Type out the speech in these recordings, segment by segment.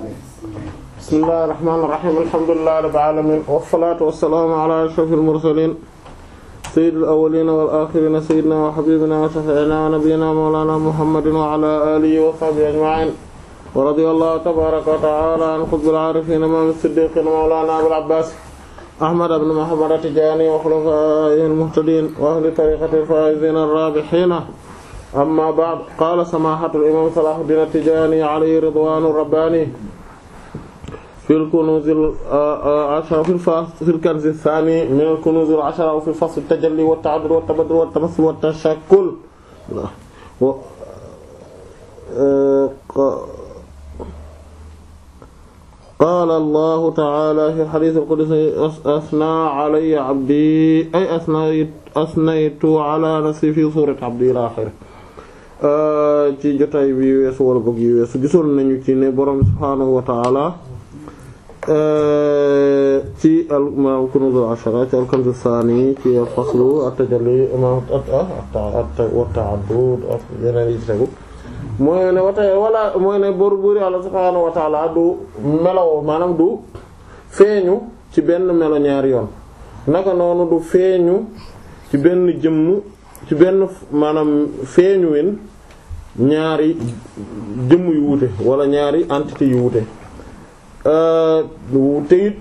bismillahir rahmanir rahim alhamdulillahi rabbil alamin wassalatu wassalamu ala ashrafil mursalin sayyidil awwalin wal akhirin sayyidina wa habibina wa shafi'ina wa nabiyyina mawlana muhammadin wa ala alihi wa sahbihi ajma'in wa radiyallahu tabaraka wa ta'ala an qutbil arifin imam as-siddiqin mawlana abul abbas ahmad ibn muhammad at-tijani wa khulafa'ihil muhtadin wa ahli tariqatil faizin ar-rabihin amma ba'd qaala samaahatul imaam Salaahudiin At-Tijaani alayhi ridwaanu rabbaani fil kunuuzil ashara fil fasl fil kanzi saani minal kunuuzil ashara wa fil fasli tajalli wa ta'addud wa tabaddul wa tamassul wa tashakkul e, qaala Allahu ta'aalaa fil hadiisil qudsi asnaa alayya abdii ay asnaytu alaa nafsii fii suurati abdii ilaa aaxirihi Euh, ci jotaay bi weesu wala boog yi weesu nañu ci ne borom subhaanahu wa ta'ala euh, ci al maanaam kunuzul ashara ci al kanzu saani ci al faslu at-tajalli wa ah, ta'addud ak yeneen mooy ne wata wala mooy ne bor du melaw maanaam du feeñu ci benn melo ñaari yoon naka noonu du feeñu ci benn jëmm ci benn maanaam feeñu ween ñaari jëmm yu wuute walla ñaari entité yu wuute euh, te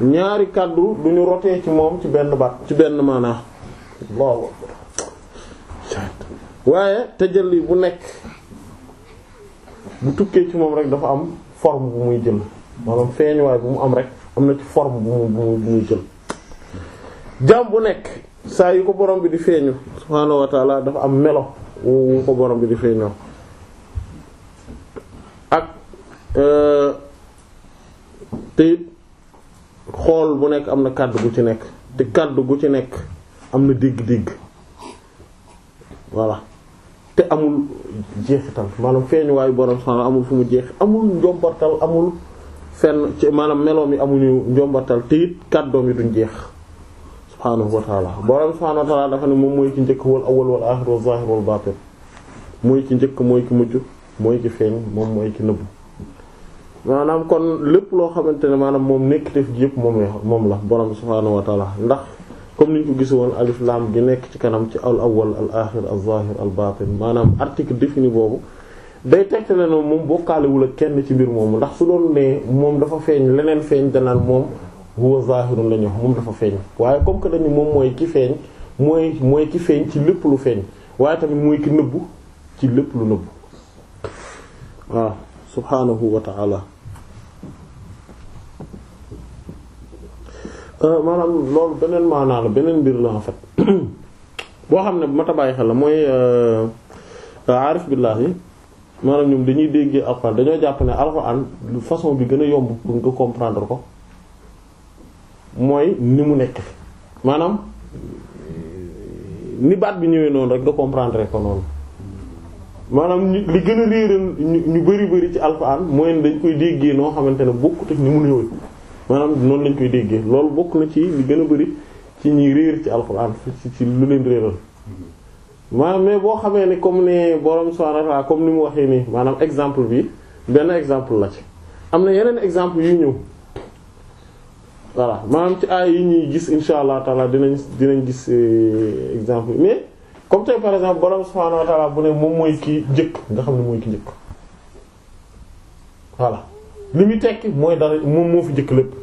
ñaari kàddu du ñu rotee ci moom ci benn baat ci benn maanaa Allahu te waaye tajalli bu nekk bu tukkee ci moom rek dafa am forme bu muy jël maanaam feeñuwaay bu mu am rek am na ci forme bu mu bu muy jël jaam bu nekk saa yu ko borom bi di feeñu subhaanahu dafa am melo wu ko borom bi di feeñoo ak euh, te it xool bu nekk am na kàddu gu ci nekk te kàddu gu ci nekk am na dégg-dégg voilà te amul jeexital maanaam feeñuwaayu borom subhaanahu amul fu mu jeex amul njombartal amul fenn ci maanaam melo mi amuñu njombatal te it kàddoom yi duñ jeex subhaanahu wa taala borom subhaanahu wa dafa ne moom mooy ki njëkk wal awwal wal aaxir wal zaahir baatin mooy ki njëkk mooy ki mujj mooy ki moom mooy ki maanaam kon lépp loo xamante ne maanaam moom nekkiteef yëpp moom moom la borom subhaanahu wa taala ndax comme ni ñu ko gis woon alif laam gi nekk ci kanam ci al awwal al aaxir al zaahir baatin maanaam article défini boobu day tegte ne moom bokkaalewul ak kenn ci mbir moomu ndax su doon ne moom dafa feeñ leneen feeñ danaan moom. huwa zahirun la ñu moom dafa feeñ waaye comme que dañu moom mooy ki feeñ mooy mooy ki feeñ ci lépp lu feeñ waaye tamit mooy ki nëbbu ci lépp lu nëbbu waaw subhanahu wa ta'ala euh, maanaam loolu beneen maanaa la beneen mbir la en fait boo xam ne bu ma ta xel la mooy euh, aarif billahi maanaam ñoom dañuy déggee alxuraan dañoo jàpp ne alxuraan façon bi gën a yomb pour nga comprendre ko mooy ni mu nekk maanaam ni baat bi ñëwee noonu rek nga comprendre ko noonu maanaam li gën a réeral ñu ñu bari bari ci alxuraan mooy dañ koy déggee noo xamante ne bokkut te ni mu ñëwee maanaam noonu lañ koy déggee loolu bokk na ci li gën a bari ci ñuy réer ci alxuraan ci lu leen réeral maanaam mais boo xamee ni comme ne borom subhaanahu wa ta'aala comme ni mu waxee nii maanaam exemple bi benn exemple la ci am na yeneen exemple yu ñëw voilà maanaam ci ay yi ñuy gis insha allah taala dinañ dinañ gis euh, exemple mais comme tey par exemple borom subhaanahu wa taala bu ne moom mooy ki jëkk nga xam ne mooy ki njëkk voilà li muy tekki mooy moom moo fi njëkk lépp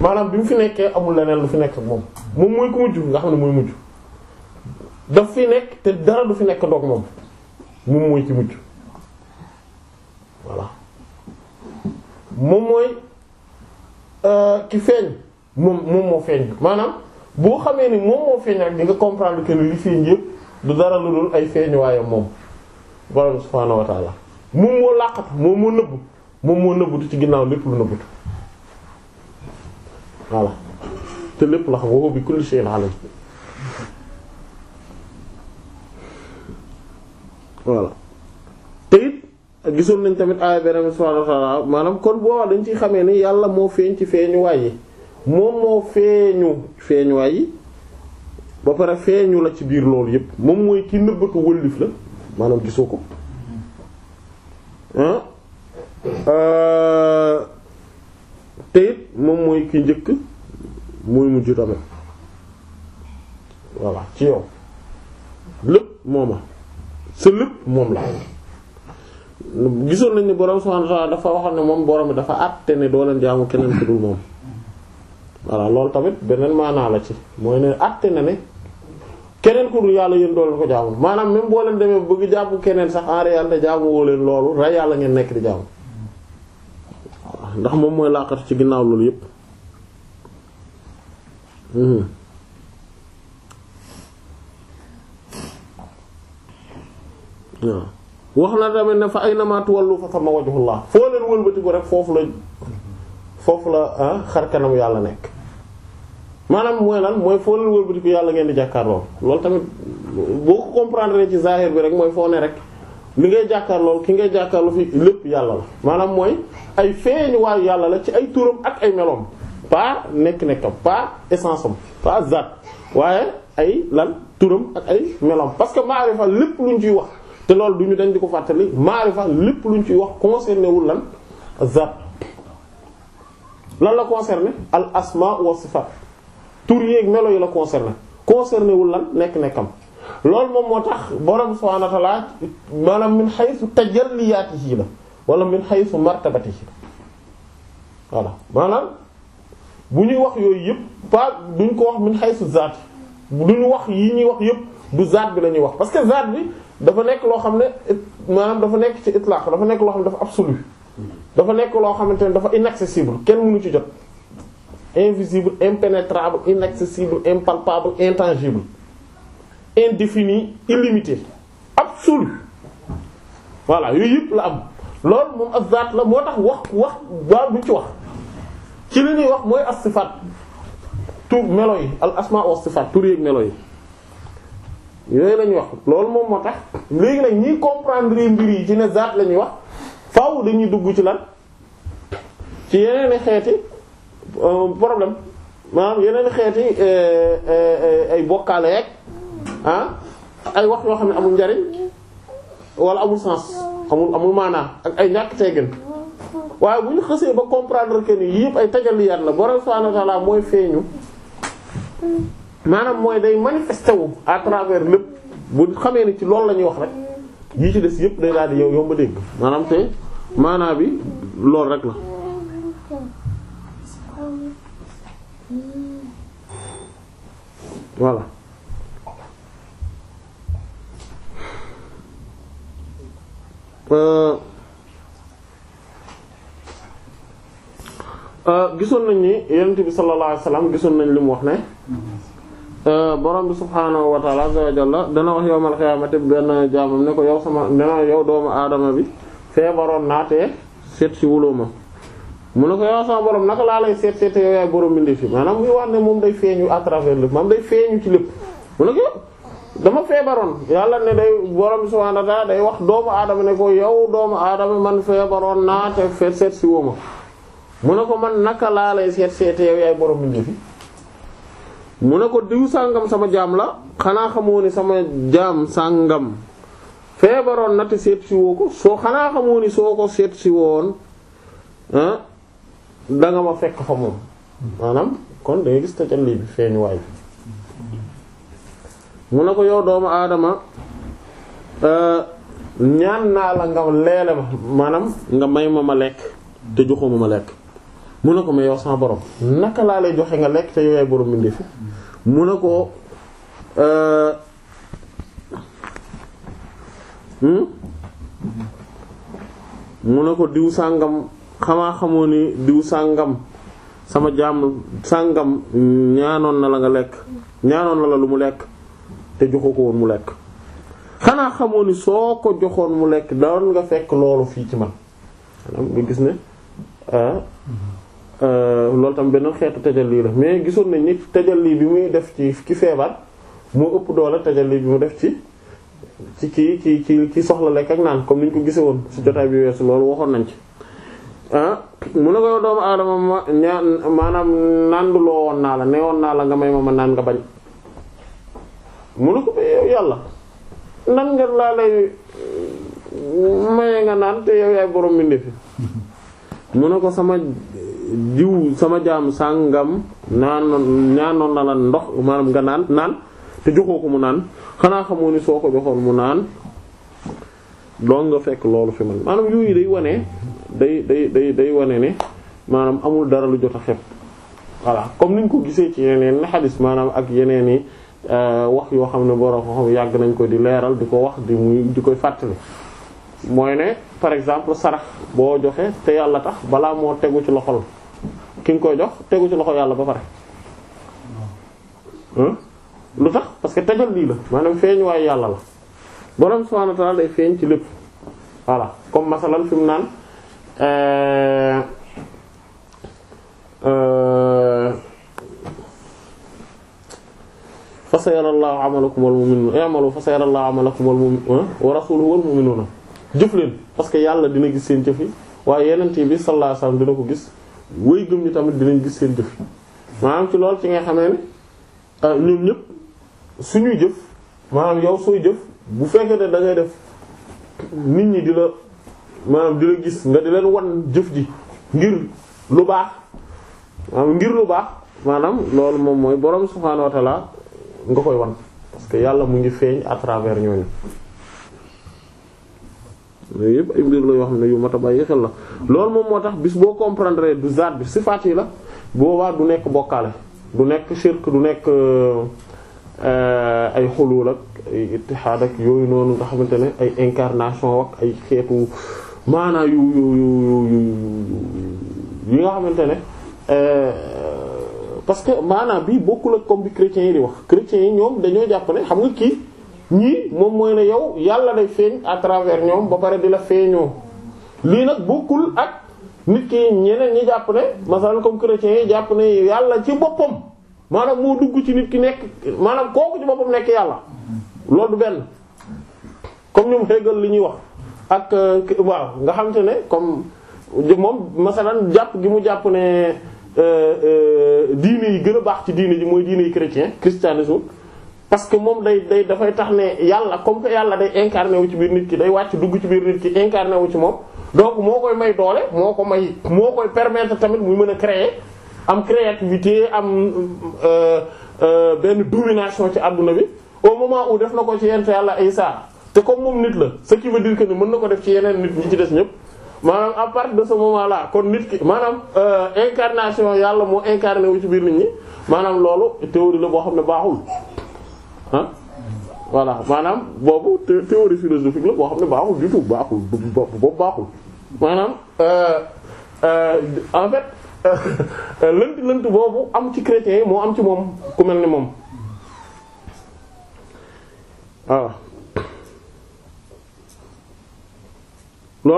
maanaam bi mu fi nekkee amul leneen lu fi nekk moom moom mooy ku mujj nga xam ne mooy mujj daf fi nekk te dara du fi nekk ndox moom moom mooy ci mujj voilà moom mooy. Euh, ki feeñ moom moom moo feeñ maanaam boo xamee ni moom moo feeñ rek di nga comprendre que li feeñ yëpp du dara lu dul ay feeñ waaye moom borom subhaanahu wa moom moo làqatu moom moo nëbbu moom moo nëbbutu ci ginnaaw lépp lu nëbbutu voilà te lépp la xam woo bi kulli shay'in alim gisoon nañ tamit aaya beneen subhaanahu wa ta'aala maanaam kon boo dañ ciy xamee ni yàlla moo feeñ ci feeñuwaay yi moom moo feeñu feeñuwaay yi ba pare feeñu la ci biir loolu yépp moom mooy ki nëbbatu wëllif la maanaam gisoo ko ah, euh, te it moom mooy ki njëkk mooy mujj tamit voilà ci yow lépp mooma sa lépp moom la gisoon nañ ne borom subhaanahu wa dafa waxoon ne moom borom dafa àtte ne doo leen jaamu keneen ku dul moom voilà loolu tamit beneen maanaa la ci mooy ne àtte na ne keneen ku dul yàlla yéen doo leen ko jaamu maanaam même boo leen demee bëgg jàpp keneen sax en réalité jaamu woo leen loolu rek yàlla ngeen nekk di jaamu ndax moom mooy laqatu ci ginnaaw loolu yépp. Hmm. waaw. wax na tamit ne fa ay namaatu wàllu fa fama wajhullah foo leen wëlbatiku rek foofu la foofu la ah, xar kanam yàlla nekk maanaam mooy nan mooy foo leen wëlbatiku yàlla ngeen di jàkkaarloo loolu tamit boo ko comprendre ci zahir bi rek mooy foo ne rek li ngay jàkkaarloo ki ngay jàkkaarloo fi lépp yàlla la maanaam mooy ay feeñ waayu yàlla la ci ay turam ak ay meloom pas nekk-nekkam pas essence am pas zat waaye ay lan turam ak ay meloom parce que maarifa lépp luñ ciy wax te loolu du ñu dañ di ko fàttali maarifa lépp luñ ci wax concerné wul lan zat lan la concerné al asma wa sifat tur yeeg melo yi la concerné concerné wul lan nekk-nekkam loolu moom moo tax borom subhaanahu wa ta'aala maanaam min haythu tajalliyaatihi la wala min haythu martabatihi voilà maanaam bu ñuy wax yooyu yëpp pas duñ ko wax min haythu du ñu wax yi ñuy wax yëpp du zaat bi la ñuy wax parce que zaat bi dafa nekk loo xam ne maanaam dafa nekk ci itlaq dafa nekk loo xam ne dafa absolu dafa nekk loo xamante ne dafa inaccessible kenn mënu ci jot invisible impénétrable inaccessible impalpable intangible indéfini illimité absolu voilà yooyu yëpp la am loolu moom ak zaat la moo tax wax wax waa buñ ci wax ci li ñuy wax mooy as tour tur melo yi al asma wa sifaat tur melo yi yooyu lañuy wax loolu moom moo tax léegi nag ñi comprendre mbir yi ci ne zaat la ñuy wax faaw dañuy dugg ci lan ci yeneen xeeti euh, problème maanaam yeneen xeeti euh, euh, ay bokkaale yeeg ak ah, ay wax yoo xam ne amul njariñ wala amul sens amul amul maanaa ak ay ñàkk teggin waaye bu ñu xësee ba comprendre que ni yëpp ay tajaliyaat la borom subhanahu wa ta'ala mooy feeñu. maanaam mooy day manifesté wu à lépp bu xamee ni ci loolu la ñuy wax rek yi ci des yëpp day daal di yow dégg maanaam te maanaa bi loolu rek la. voilà euh, euh, gisoon nañ ni yonent bi sallallahu alayhi gisoon nañ li mu wax ne. Euh, borom bi subhaanahu wa ta'ala azza wa jalla dana wax yowmal xiyaamati benn jaamam ne ko yow sama dana yow doomu aadama bi feebaroon naa te seet si wuloo mu ne ko yow naka laa lay seet seet fi maanaam muy moom day feeñu à travers lépp maanaam day feeñu ci lépp dama feebaroon yàlla ne day borom day wax doomu aadama ne ko yow doomu aadama man feebaroon naa te feet seet si woo mu ne ko man naka laa seet seet yow yaay borom bindi fi mu ne ko diw sàngam sama jaam la xanaa xamoo ni sama jaam sàngam feebaroon na te seet ko soo xanaa xamoo ni soo ko seet si woon ah, da ma fekk fa moom maanaam kon day gis tajalli bi feeñ waay mu ne ko yow doomu aadama euh, ñaan naa la nga leele ma maanaam nga may ma ma lekk te joxuma ma lekk mu ne ko mais yow sama borom naka laa lay joxe nga lekk te yow yaay borom bindee fi mu ne ko euh, hmm? mu ne ko diw sàngam xamaa xamoo ni diw sàngam sama jaam sàngam ñaanoon na la nga lekk ñaanoon na la lu mu lekk te joxu ko woon mu lekk xanaa xamoo ni soo ko joxoon mu lekk doon nga fekk loolu fii ci man nga gis ne ah, Euh, loolu tam benn xeetu lii la mais gisoon nañ ni lii bi muy def ci ki feebar moo ëpp doole tajalli bi mu def ci ci kii ci ci ci soxla lekk ak naan comme ni ñu ko gisee woon ci jotaay bi weesu loolu waxoon nañ ci. ah mu ne ko doomu aadama ma ñaan maanaam nanduloo naa la ne woon naa la nga may ma ma naan nga bañ mu ne ko eh, yow yàlla nan nga laa lay maye nga naan te yow yaay borom mi ndefi mu ne ko sama. jiw sama jaam sàngam naanoon ñaanoon na la ndox maanaam nga naan naan te joxoo ko mu naan xanaa xamoo ni soo ko joxoon mu naan doon nga fekk loolu fi man maanaam yooyu day wane day day day day wane ne maanaam amul dara lu jot a voilà comme niñ ko gisee ci yeneen ni maanaam ak yeneeni i euh, wax yoo xam ne borom xam yàgg nañ ko di leeral di ko wax di muy di koy fàttali mooy ne par exemple sarax boo joxe te yàlla tax balaa moo tegu ci loxol ki nga koy jox tegu ci loxo yàlla ba pare. Hmm? Hmm? lu tax parce que tegal lii la maanaam feeñ waaye yàlla la borom subhaanahu wa ta'aala day feeñ ci lépp voilà comme masalan fi mu naan euh, euh, fa sayarallahu amalakum wal mu'minuuna i'malu fa sayarallahu amalakum wal mu'minuuna wa rasuluhu wal mu'minuuna jëf leen parce que yàlla dina gis seen jëf yi waaye yeneen bi sallallahu alayhi wasallam dina ko gis. woy gëm ñi tamit dinañ gis seen jëf maanaam ci lool ci nga xamee ne ah, ñoom ñëpp suñuy jëf maanaam yow sooy jëf bu fekkee ne da def nit ñi di la maanaam dina gis nga di wan jëf ji ngir lu baax maanaam ngir lu baax maanaam loolu moom mooy borom subhaanahu wa nga koy wan parce que yàlla mu ngi feeñ à travers ñooñu yooyu yëpp ay mbir la yoo xam ne yu mat a bàyyi xel la loolu moom moo tax bis boo comprendre du zaat bi sifaat yi la boobaa du nekk bokkaale du nekk shirk du nekk euh, ay xulul ak ay ittihaad ak yooyu noonu nga xamante ne ay incarnation ak ay xeetu maanaa yu yu yu yu yi nga xamante ne euh, parce que maanaa bii bokkul ak comme bi chrétiens yi di wax chrétiens yi ñoom dañoo jàpp ne xam nga kii. ñii moom mooy na yow yàlla day feeñ à travers ñoom ba pare di la feeñoo lii nag bokkul ak nit ki ñeneen ñi jàpp ne masalan comme chrétiens yi jàpp ne yàlla ci boppam maanaam moo dugg ci nit ki nekk maanaam kooku ci boppam nekk yàlla loolu du benn comme ñoom xéegal li ñuy wax ak euh, waaw nga xam te ne comme moom masalan jàpp gi mu jàpp ne euh, euh, diine yi gën a baax ci diine ji mooy diine yi chrétien christianisme parce que moom day day dafay tax ne yàlla comme que yàlla day incarné wu ci biir nit ki day wàcc dugg ci biir nit ki incarné wu ci moom donc moo koy may doole moo ko may moo koy permettre tamit muy mën a créer am créativité am euh, euh, benn domination ci àdduna bi au moment où def na ko ci yent yàlla Isa te comme moom nit la ce qui que ni mën na ko def ci yeneen nit ñi ci des ñëpp maanaam à partir de ce moment là kon nit ki maanaam euh, incarnation yàlla moo incarné wu ci biir nit ñi maanaam loolu théorie la boo xam ne baaxul ah voilà maanaam boobu théorie philosophique la boo xam ne baaxul du tout baaxul boobu baaxul maanaam euh, euh, en fait euh, lënt lënt boobu am ci chrétiens yi moo am ci moom ku mel ni moom waaw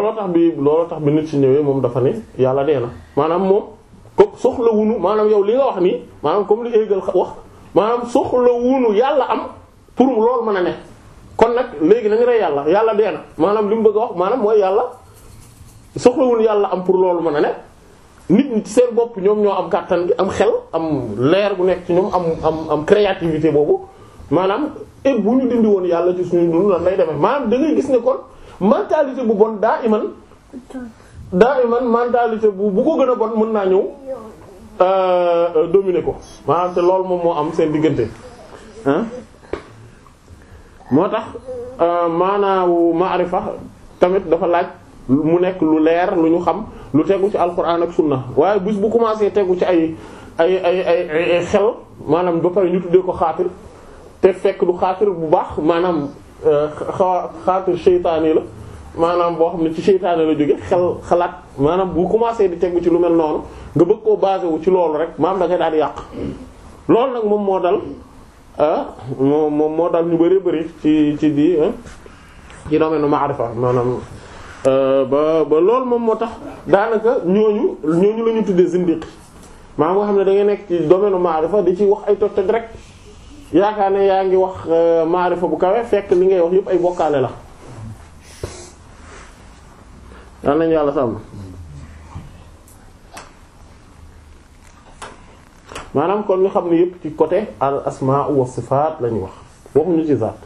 a tax bi looloo tax bi nit ci ñëwee moom dafa ne yàlla dee na maanaam moom ko soxlawunu maanaam yow li nga wax nii maanaam comme li Hegel wax maanaam soxla wunu yàlla am pour loolu mën a ne kon nag léegi nañ rey yàlla yàlla dee na maanaam li mu bëgg a wax maanaam mooy yàlla soxla yàlla am pour loolu mën a ne nit ñi seen bopp ñoom ñoo am kàttan bi am xel am leer bu nekk ci ñoom am am am créativité boobu maanaam et bu ñu dindi woon yàlla ci suñu dund lan lay demee maanaam da ngay gis ne kon mentalité bu bon daa iman daa iman mentalité bu bu ko gën a bon mën naa ñëw Euh, euh, domine ko maanaam te loolu moom moo am seen diggante moo tax euh, maanaawu maarifa tamit dafa laaj mu nekk lu leer lu ñu xam lu tegu ci alquran ak sunna waaye bis bu commencé tegu ci ay ay ay ay xel maanaam ba pare ñu tuddee ko xaatir te fekk du xaatir bu baax maanaam xaw xaatir seytaane la maanaam boo xam ne ci seytaane la jóge xel xalaat maanaam bu commencé di tegu ci lu mel noonu nga bëgg koo basé ci loolu rek maam da ngay daal di yàq loolu nag moom moo dal ah moom moo dal ñu bari bari ci ci di ah, ci domaine ma'rifa maanaam euh, ba ba loolu moom moo tax daanaka ñooñu ñooñu la ñu tuddee zindiq maanaam nga xam ne da ngay nekk ci domaine ma'rifa di ci wax ay toj toj rek yaakaar ne yaa ngi wax euh, ma'rifa bu kawe fekk li ngay wax yëpp ay bokkaale la. yal nañ yàlla sàmm maanaam kon ñu xam ne yëpp ci côté al asmaa wa sifaat lañu wax waxuñu ci zaat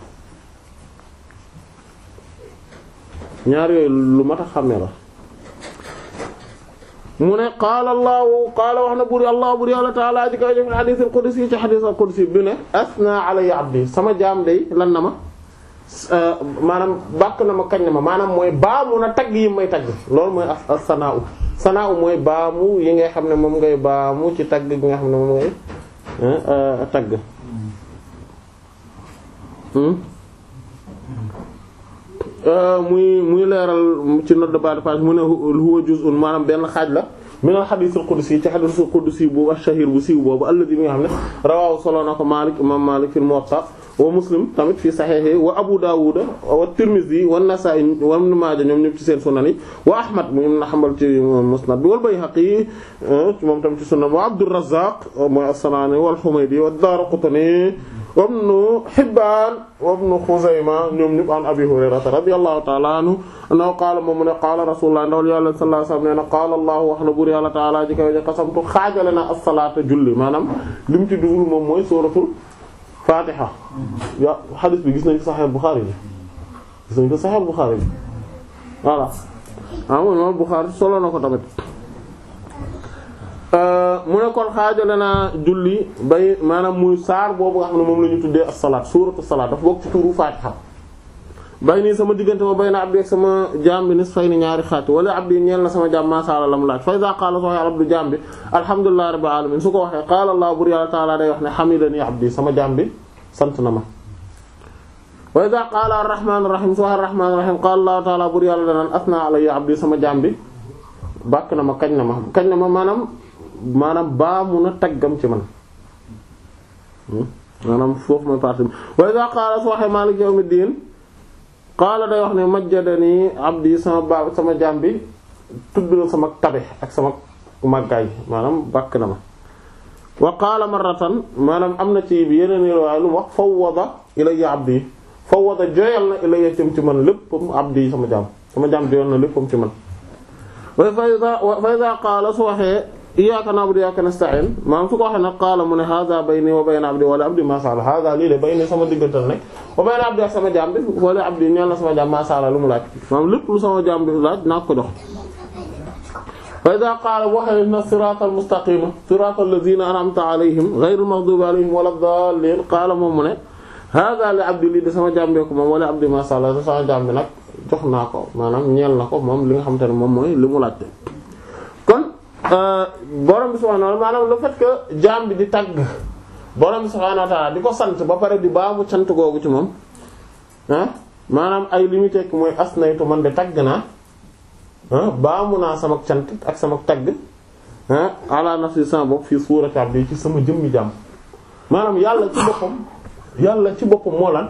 ñaar yooyu lu mat a xàmme la mu ne qaala allahu qaala wax na buri allah buri allah taala ji koy jëf xadiisul qudsi ci xadiisul qudsi bi ne asna alayya abdi sama jaam day lan na ma Euh, maanaam bàkk na ma kañ na ma maanaam mooy baamu na tagg yi may tagg loolu mooy as sanaaw sanaaw mooy baamu yi ngay xam ne moom ngay baamu ci tagg gi nga xam ne moom euh, tagg. Hmm? Euh, muy muy leeral ci note de mu ne huwa juz'un maanaam benn xaaj la min al hadith al qudsi ci hadith al qudsi bu ashahir bu siiw boobu alladhi bi nga xam ne rawaahu solo na ko Maalik imaam Maalik fil Muwatta wa muslim tamit fi saxiix wa abu daawuda wa tirmidhi wa nasaa'i wa ibn maaja ñoom ñëpp ci seen sunan yi wa ahmad mu ibn hanbal ci musnad bi wal bayhaqi eh, moom tamit ci sunan wa abdurrazzaq mooy as-sanani wal humaydi wa daaraqutni wa ibn hibbaan wa ibn xuzayma ñoom ñëpp an abi hurayrata radiyallahu ta'ala anhu annahu qaala moom mu ne qaala rasulullah ndawal yàlla sallallahu alayhi wa sallam nee na qaala allahu wax na buur yàlla ta'ala ji kaw ja qasamtu xaajale na as-salaata julli maanaam li mu ci dugul moom mooy suratul Fatiha ya xadis bi gis nañ ko Sahih Bukhari yi gis nañ ko Sahih Bukhari bi voilà amul ah, imam Bukhari solo na ko tamit euh, mu ne kon xaajale naa julli bay maanaam muy saar boobu nga xam ne moom la ñu tuddee as-salaat suuratu as-salaat dafa bokk turu Fatiha bay nii sama diggante ma bay na abdi sama jaam bi nis ni ñaari xaaj wala abdi ñeel na sama jaam maasaala lam laaj fa iza qaala soo abdu jaam bi alhamdulillahi rabbil alamin su ko waxee qaala allah bur yàlla taala day wax ne hamidani abdi sama jaam sant na ma wa iza qaala arrahmaanir rahiim su waxee arrahmaanir rahiim qaala allah taala bur yàlla danaan asna alayya abdi sama jaam na ma kañ na ma kañ na ma maanaam maanaam baa mun a taggam ci man hmm? maanaam foofu mooy parti bi wa iza qaala soo waxee maaliki yawmiddin qaala day wax ne majjadani abdi sama baab sama jaam bi tudd na sama tabe ak sama màggaay maanaam bàkk na ma wa qaala marratan maanaam am na ci bi yeneen riwaaya lu wax fawwada ilayya abdi fawwada joyal na ilayya tam ci man léppam abdi sama jaam sama jaam joyal na léppam ci man wa fa iza qaala su waxee iyyaka na'budu wa iyyaka nasta'in maanaam su ko waxee nag qaala mu ne hadha bayni wa bayna abdi wala abdi sa'ala hadha lii de sama diggantal nag wa bayna abdi ak sama jaam bi na ma sa'ala lu mu laaj lu sama jaam bi laaj naa ko jox fa idha qaala bu waxee na siraatal mustaqiima siraatal lazina an'amta alayhim ghayril maghdubi alayhim walad daalliin qaala moom mu ne hadha li abdi lii de sama jaam bi moom wala ma sa'ala sama jaam jox naa ko maanaam ñeel ko moom li nga xamante ne moom mooy li mu laaj Euh, borom bi subhaanahu wa ta'aala maanaam le fait jaam bi di tagg borom bi subhaanahu wa di ko sant ba pare di baamu sant googu ci moom maanaam ay li muy tekk mooy as man de tagg naa baamu naa sama cant ak sama tagg ah ala si sama bopp fii suurati abdi ci sama jëmmi jàmm maanaam yàlla ci boppam yàlla ci boppam moo lan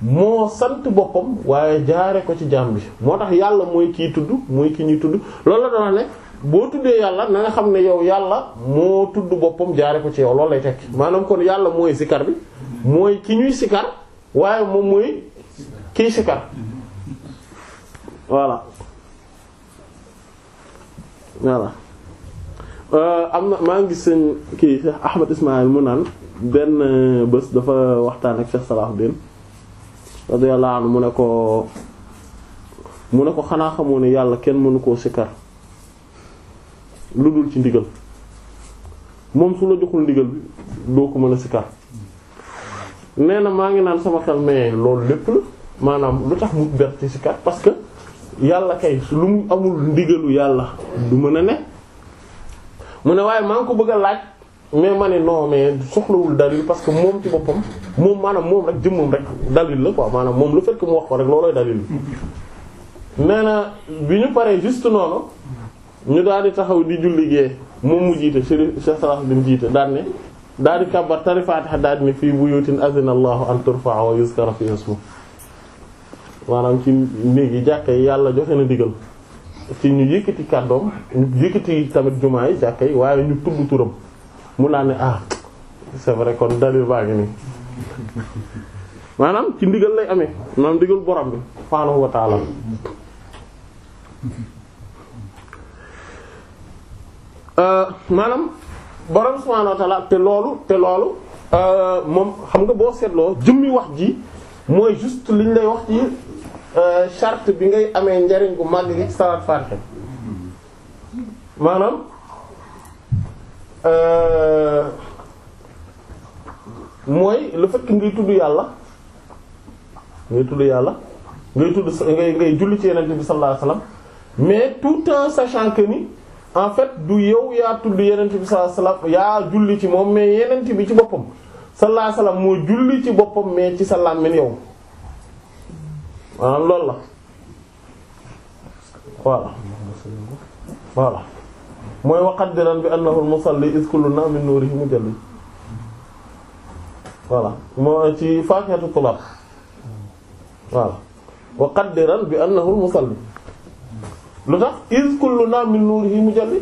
moo sant boppam waaye jaare ko ci jaam bi moo tax yàlla mooy kii tudd mooy ki ñuy tudd loolu la doon ne. boo tuddee yàlla na nga xam ne yow yàlla moo tudd boppam jaare ko ci yow loolu lay tekki maanaam kon yàlla mooy sikar bi mooy ki ñuy sikar waaye moom mooy kiy sikar voilà voilà euh, am na maa ngi gis seen kii Cheikh Ahmed Ismaïl mu naan benn bés dafa waxtaan ak Cheikh Salahuddin radiyallahu anhu mu ne ko mu ne ko xanaa xamoo ne yàlla kenn mënu koo sikar lu dul ci ndigal moom su la joxul ndigal bi doo ko mën a sikar nee na maa ngi naan sama xel mais loolu lépp la maanaam lu tax mu ber ci sikar parce que yàlla kay lu mu amul ndigalu yàlla du mën a ne mu ne waaye maa ngi ko bëgg a laaj mais ma ne non mais soxlawul dalil parce que moom ci boppam moom maanaam moom rek jëmmam rek dalil la quoi maanaam moom lu fekk mu wax ko rek loolooy dalil mm-hmm. nee na bi ñu paree juste noonu ñu daal di taxaw di julli gee moom mu jiite Chérif Cheikh Salah Din jiite daal ne daal di kàbbar tari Faatiha daal fii buyutin azina Allahu an turfa'a wa yuzkara fiha ismu maanaam ci néegi jàkka yi yàlla joxe na digal ci ñu yëkkati kàddoom ñu yëkkati tamit jumaa yi jàkka yi waaye ñu tudd turam mu naa ne ah c'est vrai kon dalil baa ngi nii maanaam ci ndigal lay amee maanaam ndigal borom bi subhaanahu wa Euh, maanaam borom subhaanahu wa te loolu te loolu euh, moom xam nga boo seetloo jëmmi wax ji mooy juste liñ lay wax ci euh, chart bi ngay amee njariñ bu màgg gi salaat faatiha maanaam mooy le fait que ngay tudd yàlla ngay tudd yàlla ngay tudd ngay ngay julli ci yonent bi sallallahu alayhi wasallam mais tout en sachant que ni en fait du yow yaa tudd yenent bi sallallahu alayhi yaa julli ci moom mais yenent bi ci boppam sallallahu alayhi wasallam moo julli ci boppam mais ci sa làmmiñ yow maanaam la voilà voilà mooy waqaddiran bi annahu al-musalli iz kulluna min nurihi mujalli voilà moo ci faakihatu tulab voilà waqaddiran bi annahu al-musalli lu tax iz kullu na mu nuurihi mujalli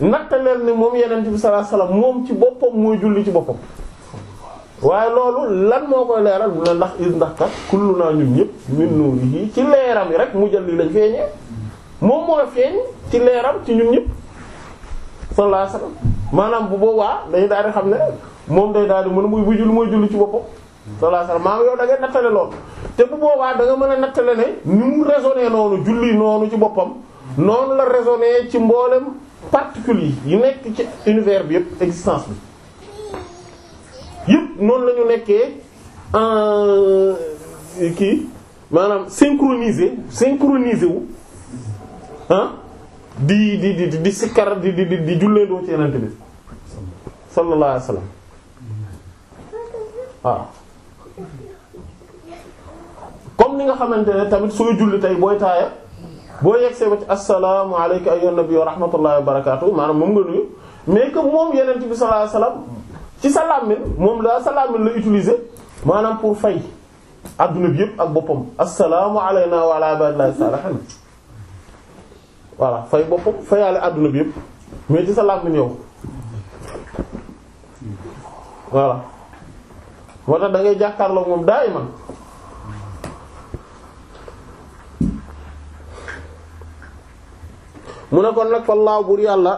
natta leen ni moom yenent bi sallallahu moom ci boppam mooy julli ci boppam waaye loolu lan moo koy leeral mu ne ndax iz ndax kat kullu naa ñun ñëpp min nuurihi ci leeram yi rek mujalli lañ feeñee moom mooy feeñ ci leeram ci ñun ñëpp sallallahu maanaam bu boobaa dañu daal di xam ne moom day daal di mën a muy bu julli mooy julli ci boppam sallallahu alayhi wasallam yow da ngay nattale loolu te bu boobaa danga mën a nattale ne ni mu raisonné noonu julli noonu ci boppam noonu la raisonné ci mboolem particules yi nekk ci univers bi yëpp existence bi yëpp noonu la ñu nekkee kii maanaam synchronisé synchronisé wu ah di di di di sikkar di di di julleendoo ci yeneen bi sallallahu alayhi waaw comme ni nga xamante ne tamit sooy julli tey booy taaya boo yegsee ba ci assalaamu alayka ayyuhan nabiyyu wa rahmatullahi wa maanaam moom nga nuyu mais que moom yeneen bi sallallahu alayhi wasallam ci sa làmmiñ moom la sa làmmiñ la utiliser maanaam pour fay àdduna bi yëpp ak boppam assalaamu alayna wa ala ibadillahi salihin voilà fay boppam fayaale adduna bi yëpp mais ci sa làmmiñ yow voilà moo tax da ngay jàkkaarloo moom daay man mu ne kon nag fallaahu buur yàlla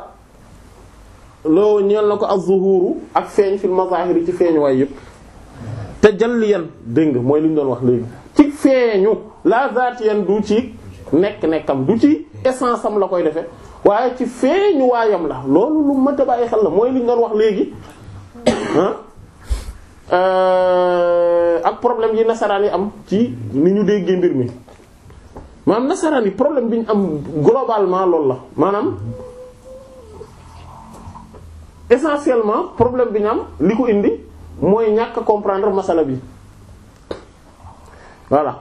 loo ñeel na ko az-zuhuru ak feeñ fil mazahiri ci feeñu waay yëpp te jalliyan dégg nga mooy li doon wax léegi ci feeñu la zaatiyan du ci nekk-nekkam du ci essence am la koy defe waaye ci feeñu waayam la loolu lu mat a xel la mooy li doon wax léegi euh, ak problème yi nasaraan yi am ci ni ñu déggee mbir mi maanaam nasaraan yi problème bi ñu am globalement loolu la maanaam essentiellement problème bi ñu am li ko indi mooy ñàkk comprendre masala bi voilà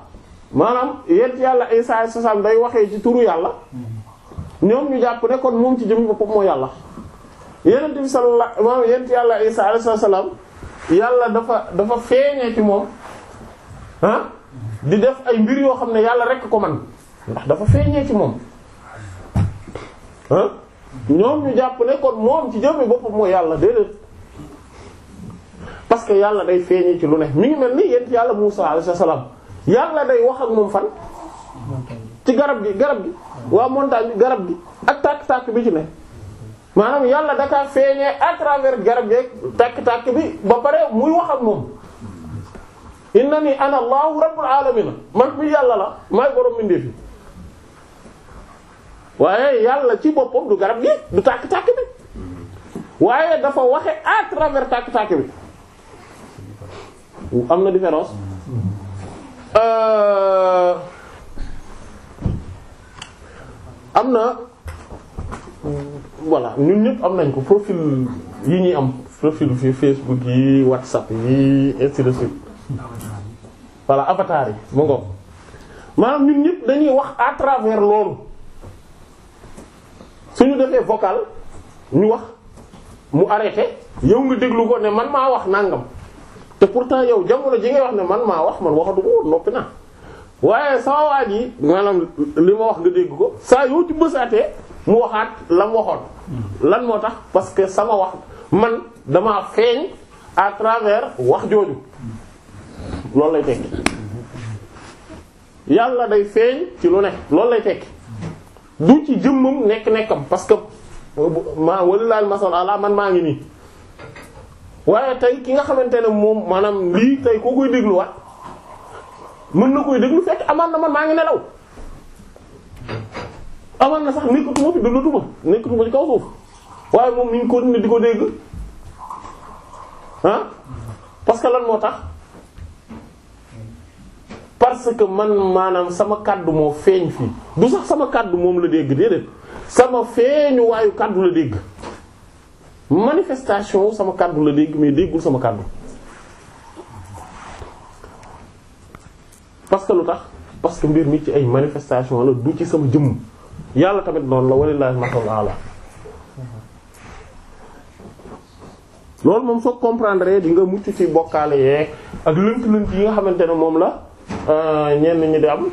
maanaam yent yàlla Isaa sasam day waxee ci turu yàlla ñoom ñu jàpp ne kon moom ci jëm boppam moo yàlla yenent bi sallallahu maanaam yent yàlla Isaa alayhi salaam yàlla dafa dafa feeñee ci moom ah di def ay mbir yoo xam ne yàlla rek ko man ndax dafa feeñee ci moom ah ñoom ñu jàpp ne kon moom ci jëmmi boppam moo yàlla déedéet parce que yàlla day feeñee ci lu ne mi ngi mel ni yent yàlla Musa alayhi salaam yàlla day wax ak moom fan ci garab gi garab gi waa montagne bi garab gi ak tàkk-tàkk bi ci ne maanaam yàlla dakaa feeñee à travers garab gi ak tàkk-tàkk bi ba pare muy wax ak moom inna ni ana allahu rabbul alamina man bi yàlla la maay borom mindee fi waaye yàlla ci boppam du garab gi du tàkk-tàkk bi waaye dafa waxe à tàkk-tàkk bi am na différence euh, am na voilà ñun ñëpp am nañ ko profil yi ñuy am profil fi Facebook yi WhatsApp yi ainsi voilà avatar yi mu ngoog maanaam ñun ñëpp dañuy wax à travers loolu suñu defee vocal ñu wax mu arrêté yow nga déglu ko ne man maa wax nangam te pourtant yow jamono ji ngay wax ne man maa wax man waxatu ko noppi naa waaye sa waa yi maanaam li ma wax nga dégg ko saa yow ci bësaatee mu waxaat la mu lan moo tax parce que sama wax man damaa feeñ à travers wax jooju loolu lay tekki yàlla day feeñ ci lu ne loolu lay tekki du ci jëmmam nekk nekkam parce que ma walilaal masal ala man maa ngi nii waaye tey ki nga xamante ne moom lii tey koo koy na koy déglu fekk man maa ngi nelaw amaan na sax nekkatuma fi dundatuma nekkatuma ci kaw suuf waaye moom mi ngi continuer di ko dégg ah parce que lan moo tax parce que man maanaam sama kàddu moo feeñ fii du sax sama kàddu moom la dégg déedéet sama feeñu waayu kàddu la dégg manifestation sama kàddu la dégg mais déggul sama kàddu parce que lu tax parce que mbir mi ci ay manifestation la du ci sama jëmm yàlla tamit noonu la walilahi matal ala loolu moom soo comprendre di nga mucc ci bokkaale yee ak lënt-lënt yi nga xamante ne moom la Euh, ñenn ñi di am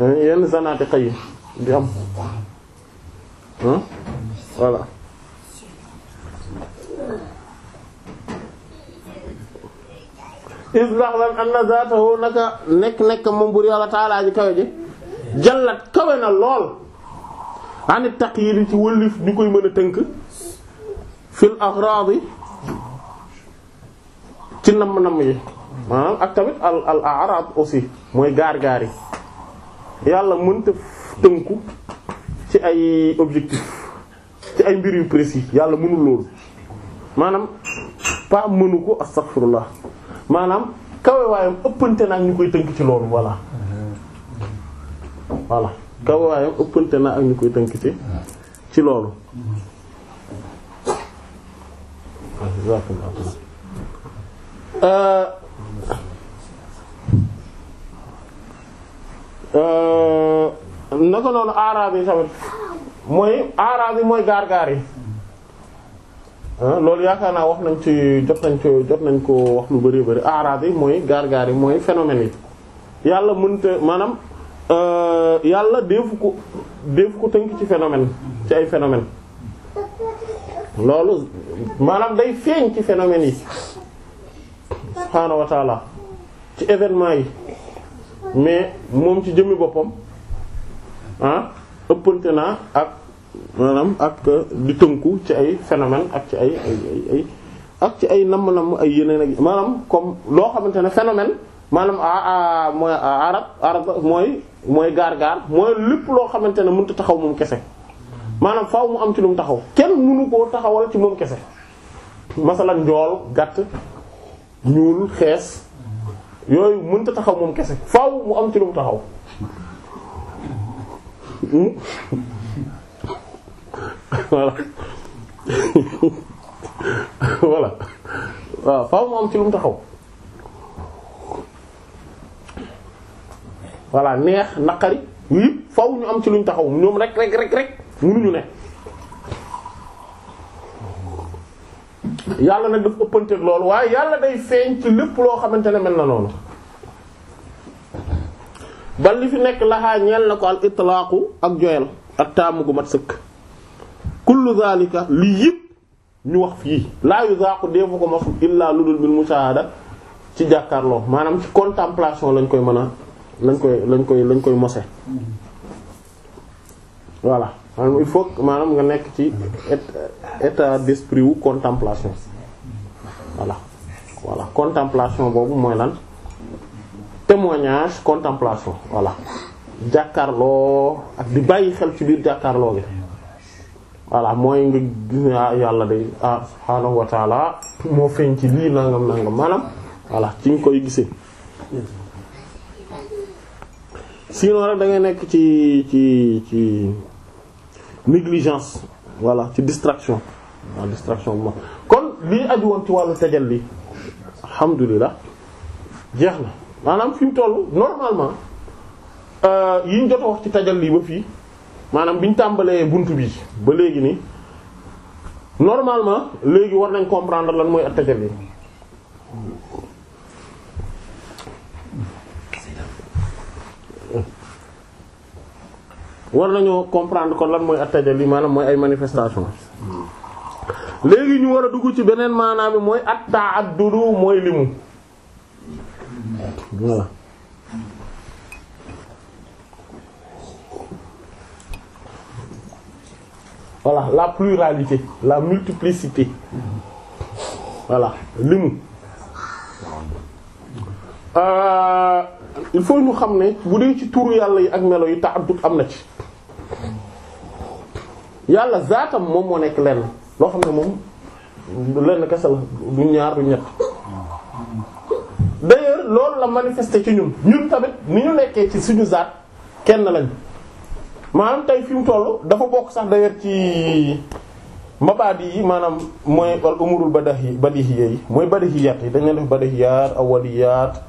euh, yenn zanaatiqa yi di am voilà islax lan am na zaatahu naka nekk nekk moom buur yàlla taalaa kawe ji jallat kawe na lool anit taq yi li ci wëllif ñu koy mën a tënk fil axraadi ci namm namm yi maanaam ak tamit al al arab aussi mooy gaar-gaar yi yàlla mënta tënku ci ay objectif ci ay mbir yu précis yàlla mënul loolu maanaam pas mënu ko astaghfirullah maanaam kawe ëppante naa ak ñu koy tënk ci loolu voilà voilà ëppante na ak ñu koy tënk ci ci loolu Euh, naka noonu aaraab yi tamit mooy aaraab yi mooy gaar-gaar yi loolu yaakaar naa wax nañ ci jot nañ ci jot nañ ko wax lu bari bari aaraab yi mooy gaar-gaar yi mooy phénomène yi yàlla mënta maanaam euh, yàlla defu ko defu ko tënk ci phénomène ci ay phénomène loolu maanaam day feeñ ci phénomène yi subhaanahu wa taala ci événement yi mais moom ci jëmmi boppam ah ëppante naa ak maanaam ak di tënku ci ay phénomène ak ci ay ay ay ak ci ay namm-namm ay yeneen ak maanaam comme loo xamante ne phénomène maanaam a a mooy arab arab mooy mooy gaar-gaar mooy lépp loo xamante ne mënut a taxaw moom kese maanaam faaw mu am ci lu mu taxaw kenn mënu koo taxawal ci moom kese masalan njool gàtt ñuul xees yooyu mënta taxaw moom kese faaw mu am ci lu mu taxaw hmm? voilà voilà ci taxaw voilà neex naqari yëpp faaw ñu am ci luñ taxaw ñoom rek rek rek rek ne yàlla nag daf ëppanteeg loolu waaye yàlla day feeñ ci lépp loo xamante ne mel na noonu bal li fi nekk laxaa ñeel na ko al itlaaqu ak joyal ak taamu gu mat sëkk kullu zalika lii yëpp ñu wax fii laa yu zaaqu deefu ko ma illaa lu dul bi musaahada ci jàkkaarloo maanaam ci contemplation lañ koy mën a lañ koy lañ koy lañ koy mose mm-hmm. voilà maanaam il faut nga nekk ci état d'esprit wu contemplation voilà voilà contemplation boobu mooy lan témoignage contemplation voilà jàkkaarloo ak di bàyyi xel ci biir jàkkarloo bi voilà mooy nga gis ne ah yàlla day ah subhaanahu wa moo feeñ ci lii nangam nangam maanaam voilà ci nga koy gisee sinon rek da nekk ci ci ci négligence voilà ci distraction waaw ah, distraction bu ma kon lii aju woon ci wàllu tajalli alhamdulilah jeex na maanaam fi mu toll normalement euh, yiñ jot a wax ci tajalli ba fii maanaam biñ tàmbalee buntu bi ba léegi nii normalement léegi war nañ comprendre lan mooy at tajalli war nañoo comprendre kon lan mooy at-tajalli maanaam mooy ay manifestation léegi ñu war a dugg ci beneen maanaam bi mooy at-ta'addudu mooy limu voilà voilà la pluralité la multiplicité voilà limu euh il faut ñu xam ne bu dee ci turu yàlla yi ak melo yi ta'addud am na ci yàlla zaatam moom moo nekk lenn loo xam ne moom lenn kese la du ñaar du ñett d'ailleurs loolu la manifester ci ñun ñu tamit ni ñu nekkee ci suñu zaat kenn lañ maanaam tey fi mu toll dafa bokk sax d'ailleurs ci mabaadi yi maanaam mooy al umurul badahi badihiyya yi mooy badihiyyaat yi dañ leen def badihiyaat awwaliyaat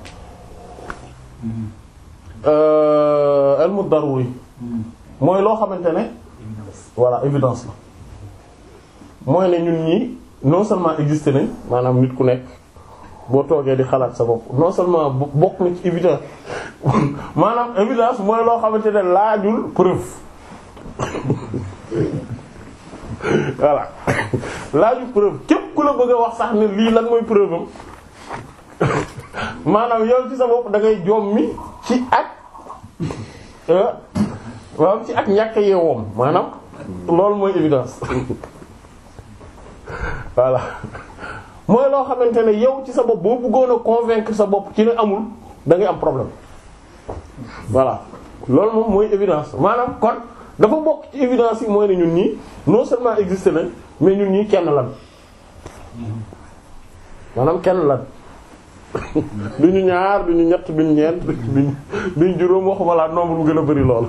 ilmu euh, daruri mooy loo xamante ne voilà évidence la mooy ne ñun ñi non seulement existé nañ maanaam nit ku nekk boo toogee di xalaat sa bopp non seulement bokk na ci évidence maanaam évidence mooy loo xamante ne laajul preuve voilà laajul preuve képp ku la bëgg a wax sax ne lii lan mooy preuve maanaam yow ci sa bopp dangay ngay mi ci ak waaw euh, ci ak ñàkk yeewoom maanaam loolu mooy évidence voilà mooy loo xamante ne yow ci sa bopp boo bëggoon a sa bopp ci ne amul da am problème voilà loolu moom mooy évidence maanaam kon dafa bokk ci évidence yi mooy ne ñun ñii non seulement existé nañ mais ñun ñii kenn lan maanaam kenn lan duñu ñaar duñu ñett duñu ñeent duñu juróom waxuma laa nombre bu gën a bari lool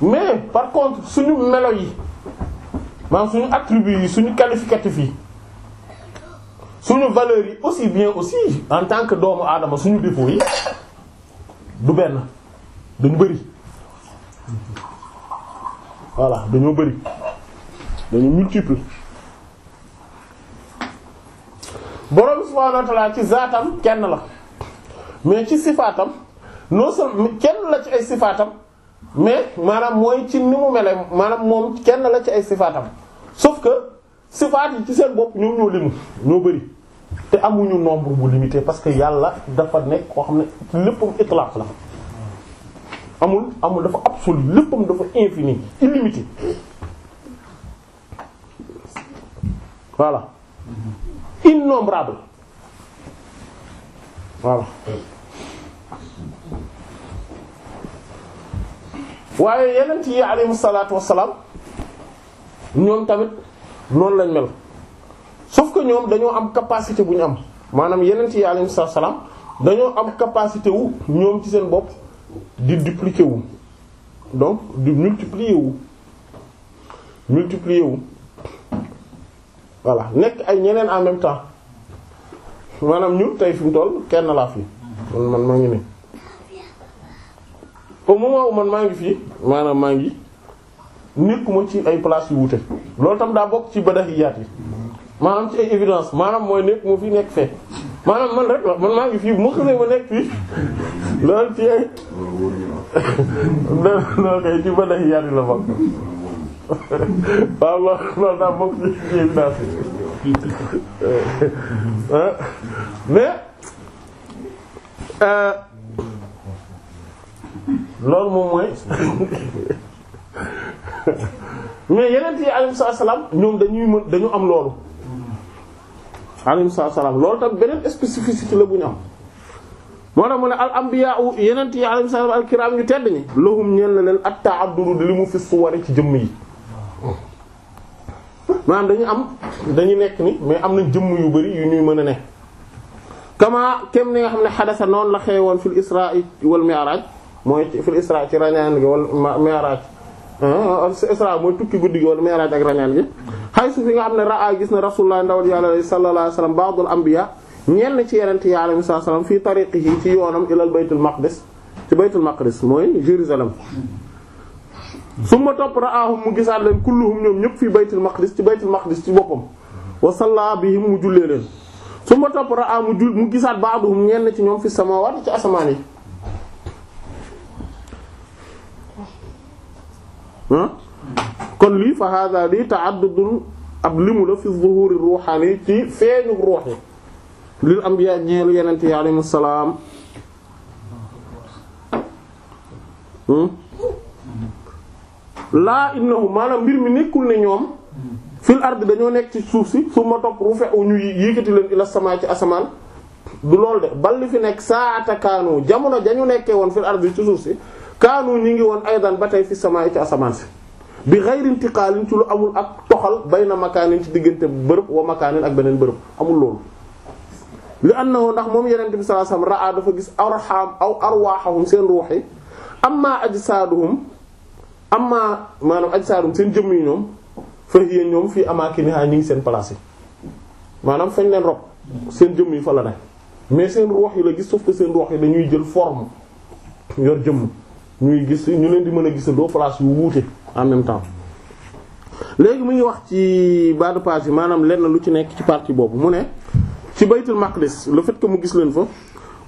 mais par contre suñu melo yi maanaam suñu atribu yi suñu qualificatifs yi suñu valeurs yi aussi bien aussi en tant que doomu aadama suñu défauts yi du benn dañu bari voilà dañoo bari dañu multiple borom subhaanahu wa kenn la mais ci sifaatam non seulement kenn la ci ay sifaatam mais maanaam mooy ci ni mu mele maanaam moom kenn la ci ay sifaatam sauf que sifaat yi ci seen bopp ñoom ñoo limu ñoo bari te amuñu nombre bu limité parce que yàlla dafa nekk koo xam ne léppam itlaq la amul amul dafa absolu léppam dafa infini illimité voilà mm-hmm. innombrable voilà waaye yeneen yi alayhi salaatu wassalaam ñoom tamit noonu lañ mel sauf que ñoom dañoo am capacité bu ñu am maanaam yeneen yi alayhi salaatu salaam dañoo am capacité wu ñoom ci seen bopp di dupliquer wu donc di multiplier wu multiplier wu voilà nekk ay ñeneen en même temps maanaam ñu tey fi mu toll kenn laa fi man man maa ngi ne ma moment où man maa ngi fii maanaam maa ngi nekkuma ci ay place yu wute loolu tam daa bokk ci badahiyaat yi maanaam ci ay évidence maanaam mooy nekk fi nekk fee maanaam man rek la man maa ngi fii bu ma xamee ma nekk fii loolu ci ay loolu kay ci badahiyaat yi la bokk waaw loolu daa bokk ci évidence yi mais euh, loolu moom mooy mais yeneen yi alayhi salaam ñoom dañuy mën dañu am loolu. alayhi salaam loolu tam beneen spécificité la bu ñu am. moo tax mu ne al anbiya yeneen yi alayhi salaam al kiram ñu tedd ñi. lahum ñeen na leen at ta'addud li mu fi suwari ci jëmm yi. maanaam dañu am dañu nekk ni mais am na jëmm yu bari yu ñuy mën a ne kama kem ni nga xam ne xadasa noonu la xewoon fil isra wal mi'raj mooy fil isra ci rañaan gi wal mi'raj ah, ah, isra mooy tukki guddi gi wala mi'raj ak rañaan gi xay su fi nga xam ne raa gis ne na rasulullah ndawal yàlla sallallahu alayhi wasallam ba'dul anbiya ñenn ci yenent yi alayhi salaam fii tariqihi ci yoonam ilal baytul maqdis ci baytul maqdis mooy Jérusalem summa topp raahum mu gisaat leen kulluhum ñoom ñëpp fii baytul maqdis ci baytul maqdis ci boppam wa salla bihim mu jullee leen summa topp raa mu jul mu gisaat baaduhum ñenn ci ñoom fi samawat ci asamaan yi kon lii fa hada lii ta'addudun ab limu la fi zuhuri ruuxaani ci feeñu ruux yi lil ambiya ñeel yenente yi alayhimu salaam hmm? laa innahu maanaam mbir mi nekkul ne ñoom fil ard dañoo nekk ci suuf si su ma topp rufe u ñu yékkati leen ila sama ci asamaan du loolu de bal li fi nekk saata kaanu jamono jañu nekkee woon fil ard ci suuf si kaanu ñu ngi woon aydan ba tey fi sama ci asamaan si bi ghayri intiqaalin ci lu amul ak toxal bayna makaanin ci diggante bërëb wa makaanin ak beneen bërëb amul loolu li annahu ndax moom yeneen bi sallallahu alayhi wasallam ra'a dafa gis arham aw arwaahahum seen ruux yi amma ajsaaduhum amma maanaam ajsaarum seen jëmm yi ñoom fa hiya ñoom fii amaakinihaa ñu ngi seen place yi maanaam fañ leen rob seen jëmm yi fa la ne mais seen ruux yi la gis sauf seen ruux yi dañuy jël forme yor jëmm ñuy gis ñu leen di mën a gisandoo place yu wuute en même temps léegi mu ngi wax ci bas de yi maanaam lenn lu ci nekk ci partie boobu mu ne ci baytul maqdis le fait que mu gis leen fa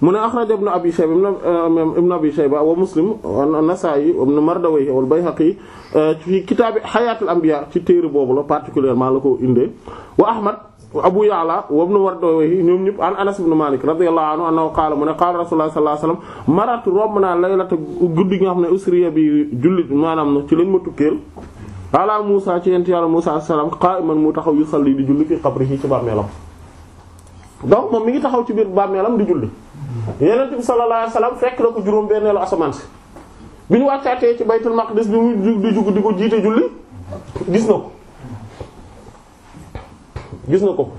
mu ne axraja ibnu abi shayba euh, ibnu abi shayba wa muslim wa nasaa'i ibnu mardawayh wal bayhaqi euh, fi kitaabi xayaatul anbiya ci téere boobu la particulièrement la ko indee wa ahmad abu ya'la wa ibnu mardawayh ñoom ñëpp an anas ibnu malik radiyallahu anhu annahu qaala mu ne qaala rasulullah sallallahu alayhi wasallam maratu romb naa laylata guddi nga xam ne usriya bi jullit maanaam ci lañ ma tukkeel ala Musa ci yent yàlla Musa asalaam qa'iman mu taxaw yusalli di julli fi qabrihi ci bàmmeelam donc moom mi ngi taxaw ci biir bàmmeelam di julli yonent bi sallallahu alayhi wasallam fekk na ko juróom benneelu asamaan si bi ñu wàccaatee ci baytul maqdis bi mu di di ko jiite julli gis na ko gis na ko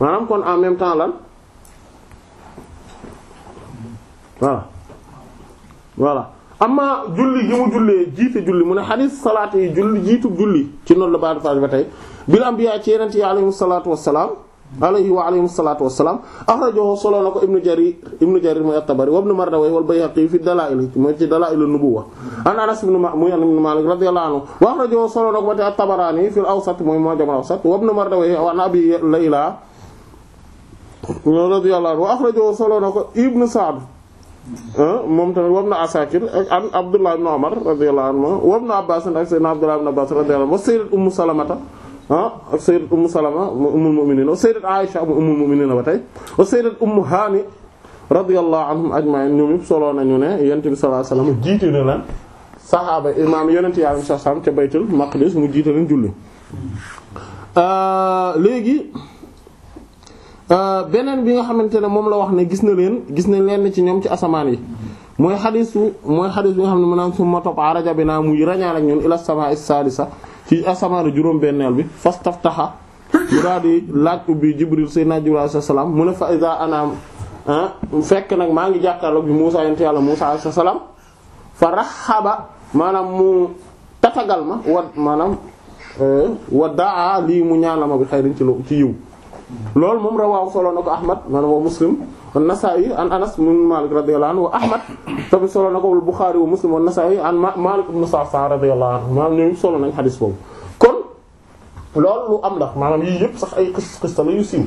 maanaam kon en même temps lan voilà am amma julli gi mu jullee jiite julli mu ne xadis salaat yi julli jiitu julli ci noonu la baal di ba tey bil anbiya ci yeneen yi alayhimu salaatu wassalaam alayhi wa alayhim salaatu wassalaam axrajahu solo na ko ibnu jarir ibnu jarir mooy at-tabari wa ibnu mardawayh wal bayhaqi fi dalaa'il mooy ci dalaa'ilun nubuwwa an anas ibn maalik radiyallahu anhu wa axrajahu solo na ko ba at-tabaraani fil awsat mooy mu'jam al-awsat wa ibnu mardawayh wa an abi layla radiyallahu anhu wa axrajahu solo na ko ibnu sa'd ah, moom tamit wam na asakir an abdullah ibn umar radiyallahu anhu wam na abbas ak sayyidina abdullah ibn abbas radiyallahu anhu wa sayyidat ummu salamata ah ak sayyidat ummu salama ummul mu'minin ak oh, sayyidat aisha ummul mu'minin ba tey ak oh, sayyidat ummu hani radiyallahu anhum ñoom yëpp solo nañu ne yonent bi sallallahu alayhi wasallam jiite na lan saxaaba imaam yonent yàlla sallallahu alayhi ca baytul maqdis mu jiite leen julli ah, léegi ah, beneen bi nga xamante ne moom la wax ne gis na leen gis na leen ci ñoom ci asamaan yi mooy xadiisu mooy xadiis bi nga xam ne mu naan summa topp araja bi naa muy rañaan ak ñun ila samaa is-salisa ci asamaanu juróom-benneel bi fastaftaha mu daal di laaj ubbi Jibril sayyidina Jibril sa salaam mu ne fa iza ana ah, fekk nag maa ngi jàkkaarloog bi Muusaa yonent Yàlla Muusaa sa salaam fa raxaba maanaam mu tatagal ma wa maanaam eh, wa daa lii mu ñaanal ma bi xayrin ci lu ci yiw loolu moom rawaaw solo na ko Ahmad maanaam wa Muslim an yi an Anas ibn Maalik radiyallahu anhu wa Ahmad tamit solo na ko wal Buxaari wa Muslim wa Nasaa'i an Maalik ibn Sa'sa'a solo nañ xadis boobu. kon loolu am la maanaam yii yëpp sax ay xis xista la yu siiw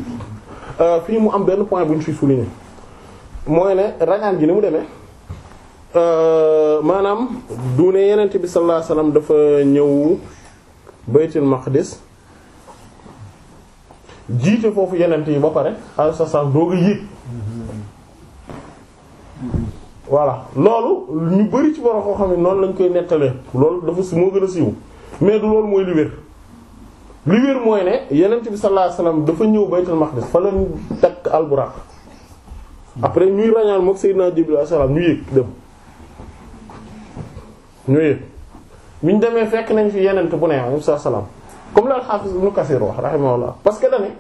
euh, fii mu am benn point bu ñu fi souligné mooy gi ni mu demee euh, maanaam du ne bi sallallahu alayhi dafa ñëw Baytul Maqdis. jiite foofu yenent yi ba pare alsasam doog a yéeg voilà loolu ñu bari ci borom koo xam ne noonu lañ koy nettalee loolu dafa si moo gën a siw mais du loolu mooy li wér mooy ne yenent bi sallallahu dafa ñëw baytul maqdis fa lañ takk alburaq après ñuy rañaan mook sayyidina jibril alayhi salaam ñu yëg demee fekk nañ fi yenent bu ne moom sallallahu comme la al-Hafiz Ibn Kathir wax rahimahullah parce que dane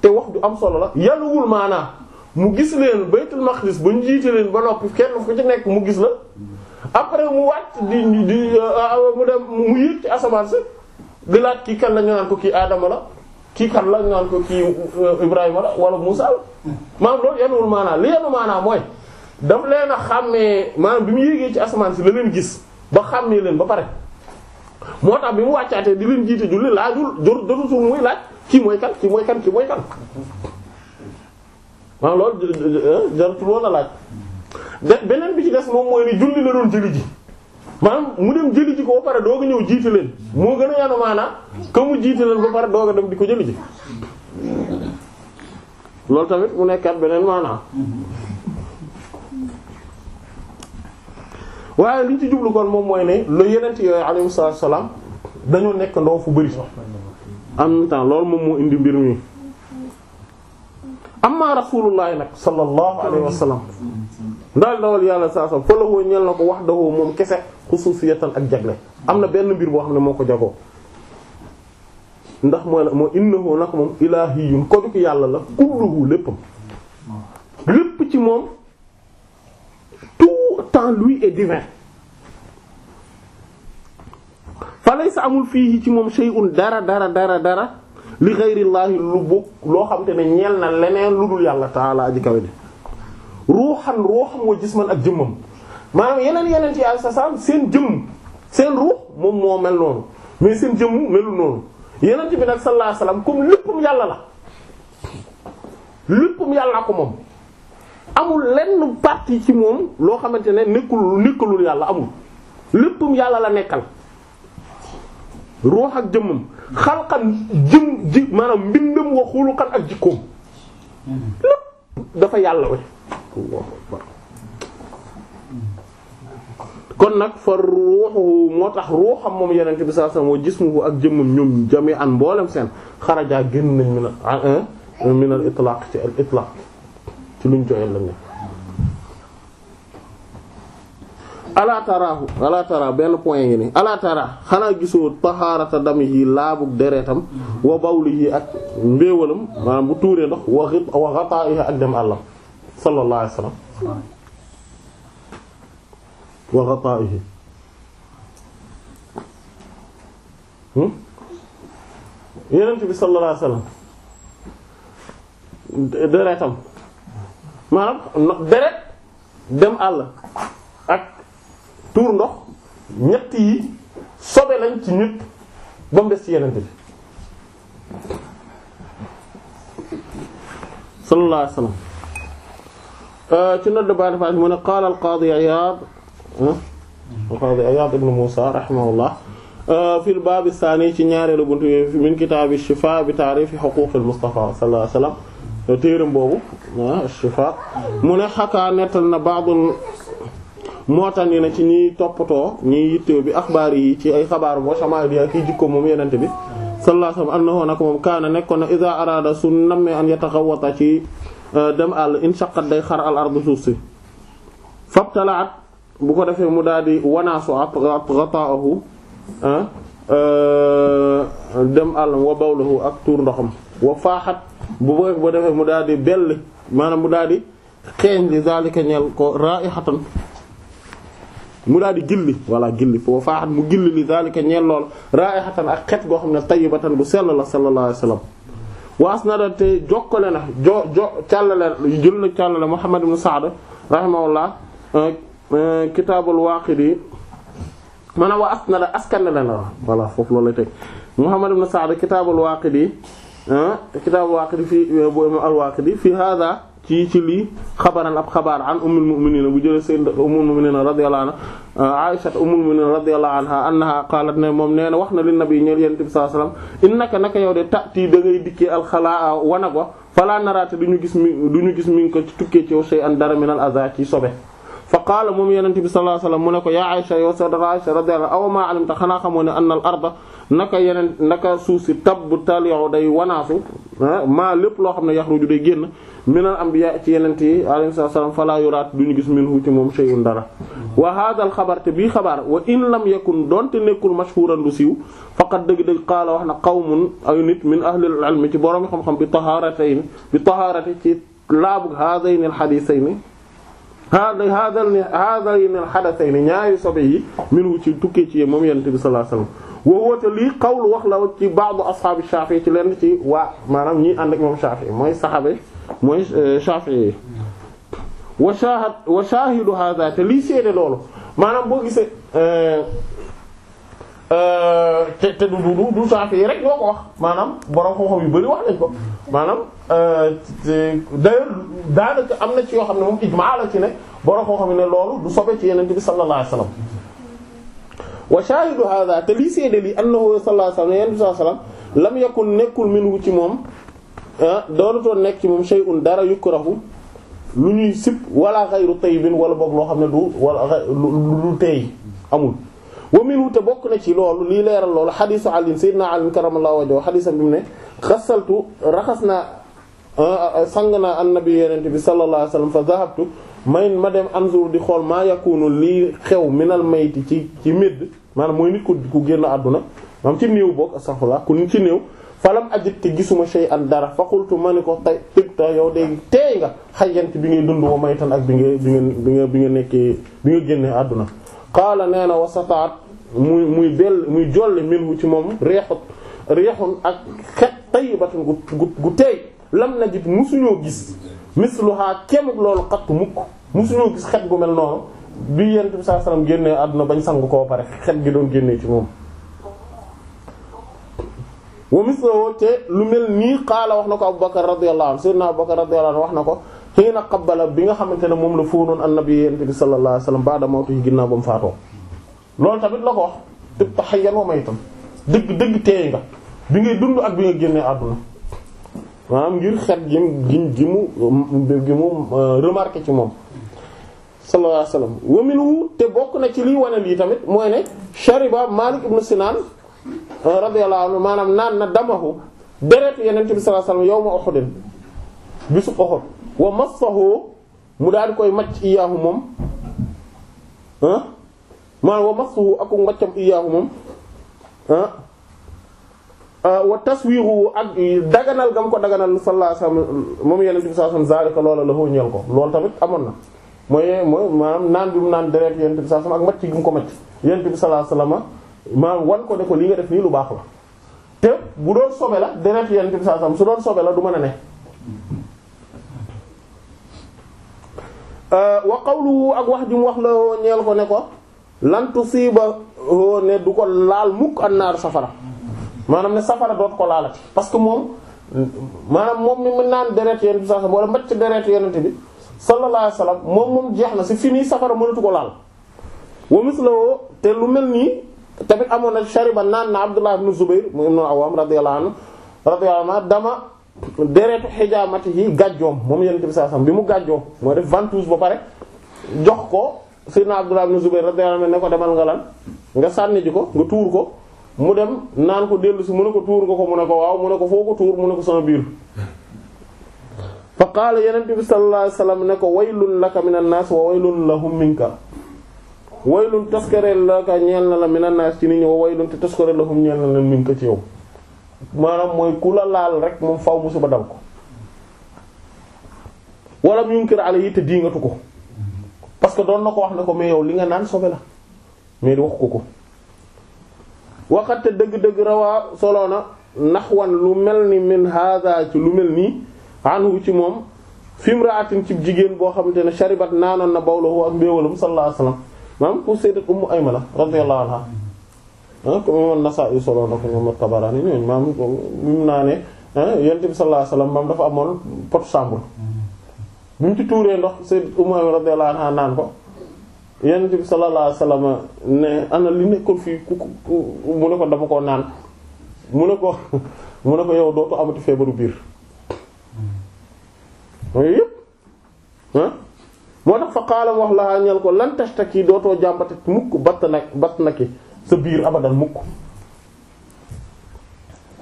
te wax du am solo la yaluwul maanaa mu gis leen baytul maqdis ba ñu jiite leen ba noppi kenn fu ci nekk mu gis la après mu wàcc di di euh, mu dem mu yéeg ci asamaan si di laaj kii kan la ñu naan ko kii Adama la kii kan la ñu naan ko kii euh, Ibrahima la wala Moussa la maanaam loolu yenuwul maanaam li yenu maanaam mooy daf leen a xàmmee maanaam bi mu yéegee ci asamaan si la leen gis ba xàmmee leen ba pare moo tax bi mu wàccaatee di leen jiite julli laajul jor jotutul laaj kii mooy kan kii mooy kan kii mooy kan ah loolu euh, jaratul woon a laaj beneen bi ci des moom mooy ni julli la doon jëli ji maanaam mu dem jëli ji ko ba pare doog a ñëw jiite leen moo gën a yanu maanaam que mu jiite leen ba pare doog a dem di ko jëli ji loolu tamit mu nekkaat beneen maanaam. waaye liñ ci jublu kon moom mooy ne le yeneen ci yooyu alayhi salaam dañoo nekk ndaw fu bëri en même temps loolu moom moo indi mbir mi. amma rasulullahi nag sallallahu alayhi wa ndaal dawal yàlla saa sa falowoo ñel na ko wax dawoo moom kese xususiyatan ak jagle am na benn mbir boo xam ne moo ko jagoo ndax mooy moo innahu nag moom ilaahiyun ko ki yàlla la kulluhu léppam lépp ci moom tout temps lui est divin fa laysa amul fii ci moom shay'un dara dara dara dara li xayrillaahi lu bokk loo xamante ne ñeel na leneen lu dul yàlla taala aji kawe ji ruuxan ruuxam mooy jisman ak jëmmam maanaam yeneen yeneen ci yàlla sa saam seen jëmm seen ruux moom moo mel noonu mais seen jëmm melul noonu yeneen bi nag sallallahu alayhi wasallam comme léppam yàlla la léppam yàlla ko moom amul lenn partie ci moom loo xamante ne nekkul nekkalul yàlla amul léppam yàlla la nekkal ruux ak jëmmam xalqan jëm ji maanaam mbindam wa xuluqan ak jikkoom lépp dafa yàlla we kon nag fa ruuxu moo tax ruuxam moom yenente bi sallallahu alayhi wasallam wa jismuhu ak jëmmam ñoom jami an mboolem seen xarajaa génn nañ ah, ah, min al itlaq ci al itlaq ci luñ joxe lañ alaa taraahu alaa tara benn point ngi ni alaa xanaa gisoo taxaarata dam yi laabug deretam wa bawli yi ak mbéewalam maanaam bu tuuree ndox wa wa ghata'iha ak dem àllam sallallahu alayhi wa ghata'ihi hmm? yenent maanaam deret dem àll tuur ndox ñett yi sobe lañ ci ñëpp ba mu des ci yenente bi sallallahu alayhi wasallam euh, ci nodd bàyyi dafa mu ne qaala al qaadi Iyaad al qaadi Iyaad ibn Muusaa rahimahullah euh, fil ci ñaareelu buntu min bi taarifi xuquuqil Mustafaa sallallahu alayhi wasallam téeram boobu ah, shifaa mu ne na ba'dul moo tax ñu ne ci ñiy toppatoo ñiy yittewoo bi axbaar yi ci ay xabaar boo xamaa bi ak kiy jikko moom yenente bi sallallahu alayhi wa sallam annahu moom kaana nekkoon na iza arada su nammee an yataxawata ci euh, dem àll inshaqat day xar al ardu suuf si fabtalaat bu ko defee mu daal di wanaasu ab gataahu ah, euh, dem àllam wa bawlahu ak tuur ndoxam wa faaxat bu bëgg ba defee mu daal di bell maanaam mu daal di xeeñ li zalika ñeel ko raihatan mu daal di gilli walla gilli foo faaxat mu gilli li daalika ñeel lool raayxatan ak xet goo xam ne tayyibatan bu sell la sallallahu alayhi wa sallam na da te jokkale na jo jo càllale jël na càllale Muhammad ibn Sa'd rahimahullah euh, euh, kitaabul Waaqidi maanaam wa as na da askanale na voilà foofu loolu lay teg Muhammad ibn Sa'd kitaabul Waaqidi kitaabul Waaqidi fii euh, bu imam ci ci lii xabaran ab xabaar an ummul mu'minin bu jëlee seen ummul mu'minin radiyallahu anha Aisha ummul mu'minin radiyallahu anha annaha qalat ne moom nee na wax na li nabi ñeel yonent bi sallallahu alayhi wasallam innaka naka yow de tati da ngay dikkee alxalaa wanag wa falaa naraate du ñu gis mi du ñu gis mi ngi ko ci tukkee ci yow shay'an dara minal aza ci sobe fa qaala moom yenente bi sallallahu alayhi wasallam mu ne ko yaa Aysa yow sa Aysa radiyallahu anha aw maa alimta xanaa xamoo ne an al arda naka yeneen naka suuf si tabb taliu day wanaasu ah, maa lépp loo xam ne yaxruju day génn minal anbiya ci yenente yi alayhi salaam fala yuraat du ñu gis minhu ci moom shay'un dara wa hadha al xabar te bii xabaar wa in lam yakun donte nekkul mashhuran du siiw faqad dëgg-dëgg qaala wax na qawmun ay nit min ahlil ilmi ci borom xam-xam bi tahaaratayn bi tahaarati ci laabu haadayni al hadiisayni hada hadal ne hada yi nel xadasay ne ñaari sobe yi ci tukkee ci moom yenente bi sallallahu alayhi wasallam wowoote lii xawlu wax la ci ba'du ashaabi Shaafi'i ci lenn ci waa maanaam ñi ànd ak moom mooy saxaabe mooy euh, Shaafi'i wa shahid wa shaahidu hada te lii seede loolu maanaam boo gisee euh, te te du du du saafi rek ñoo ko wax maanaam borom xam yu bari wax nañ ko maanaam euh, d'ailleurs daanaka am na ci yoo xam ne moom ijmaa la ci ne borom xam-xam yi ne loolu du sobe ci Yonent bi sallallahu alayhi wasallam wa shaahidu hadha te lii seede lii annahu sallallahu alayhi wasallam Yonent bi sallallahu alayhi wasallam lam yakun nekkul minhu ci moom ah, doonutoon nekk ci moom shay'un dara yukrahu lu ñuy sib wala ghayru tayyibin wala boog loo xam ne du wala lu tey amul. wa minhu te bokk na ci loolu lii leeral loolu xadiisu Ali sayyidina Ali karamallahu wajhahu xadiisam bi mu ne xasaltu raxas naa ah, sang naa annabi yenente bi sallallahu alayhi wasallam fa zahabtu may ma dem anzur di xool maa yakunu lii xew minal mayti ci ci médd maanaam mooy nit ku génn àdduna maam ci néew boog astaghfirullah ku nit ci néew falam ajit te gisuma an dara fa qultu ma ne ko tay tibta yow de teey nga xayyant bi ngay dund wa maytan ak bi nga bi nga bi nga bi nga nekkee bi àdduna qaala nee na wasataat muy muy bell muy jolle minhu ci moom reexut reexun ak xet tayibatun gu gu teey lam na jit musuñoo gis misluha kemuk loolu xattu mukk musuñoo gis xet gu mel noonu bi yent bi saa salaam génnee àdduna bañ sangu koo pare xet gi doon génnee ci moom wa misluhu te lu mel nii qaala wax na ko Abubakar radiyallahu anhu sayyidina Abubakar radiyallahu anhu wax na ko xiina qabbala bi nga xamante ne moom la fóonoon annabi yonent bi sallallahu alayhi wasallam ba'da mawtihi ginnaaw ba mu faatoo loolu tamit la ko wax ibta hayyan wa maytan dëgg dëgg teey nga bi ngay dund ak bi nga génnee àdduna maanaam ngir xet gi gi mu gi euh, ci moom sallallahu alayhi wasallam te bokk na ci liy wane lii tamit mooy ne shariba Malik ibn Sinan euh, radiyallahu anhu maanaam naan na damahu deret yonent bi sallallahu alayhi wasallam yawma Uhud bisu Uhud wa massahu mu daan di koy macc iyaahu moom ah maanaam wa massahu ak maccam iyaahu moom ah, ah wa taswiiru ak daganal gam ko daganal sallallahu alayhi wasallam moom yeneen bi sallallahu alayhi wasallam zalika loola la foo ñeel ko loolu tamit amoon na mooy mooy maanaam naan bi mu naan deret yeneen bi sallallahu alayhi wasallam ak macc gi ko macc yeneen bi sallallahu alayhi wan ko ne ko li nga def nii lu baax la te bu doon sobe la deret yeneen bi sallallahu su doon sobe la du mën a ne Euh, wa lu ak wax ji mu wax la ñeel ko ne ko lan tusiba ne du ko laal mukk annaaru safara maanaam ne safara doot ko laalati parce que moom maanaam moom mi mën naan deret yonent bi sallallahu alayhi wasallam wala macc deret yonent bi sallallahu alayhi jeex na si fini safara mënatu ko laal wa misloo te lu mel nii tamit amoon na shariba naan na Abdullah ibn Zubayr mu ibn Awwam radiyallahu anhu radiyallahu anhu dama deretu xijaamati yi gàjjoom moom yenente bi saa alayhi wasallam bi mu gàjjoo moo def vent ventouse ba pare jox ko Seydina Abdullah ibn Zubayr radiyallahu anhu ne ko demal nga lan nga sànni ko nga tuur ko mu dem naan ko dellusi mu ne ko tuur nga ko mu ne ko waaw mu ne ko foo ko tuur mu ne ko sama biir fa qaala yeneen bi sallallahu alayhi wasallam ne ko waylun laka minan nas wa waylun lahum la waylun taskareel laka ñeel na la minan nas ci nit ñi wa waylun te taskareel lahum ñeel na la minka maanaam mooy ku la laal rek moom faw musiba dal ko wala mu ngi kër àll yi te diingatu ko parce que doon na ko wax na ko mais yow li nga naan sobe la mais wax ko ko waxate dëgg-dëgg rawaa solo na naxwan lu mel ni min hada ci lu mel nii anhu ci moom fimraatin ci jigéen boo xamante ne sharibat naanoon na bawlahu ak mbéewalam sallallahu alayhi wasallam maam ku sayyidat ummu ayma la radiyallahu anha ah comme moom solo na ko ñoom Tabaraani ñooñu maam mu naa ne Yonent amoon pot chambre mm-hmm. bi mu ndox Sayyidatu naan ko Yonent bi sallallahu ko dama koo naan mu ne ko mu ne ko yow dootu amati feebaru biir mm-hmm. yooyu yëpp ah moo tax fa xaalam wax la ñel ko lan tashtaki dootoo jàmbate mukk batt na batt na sa biir abadan mukk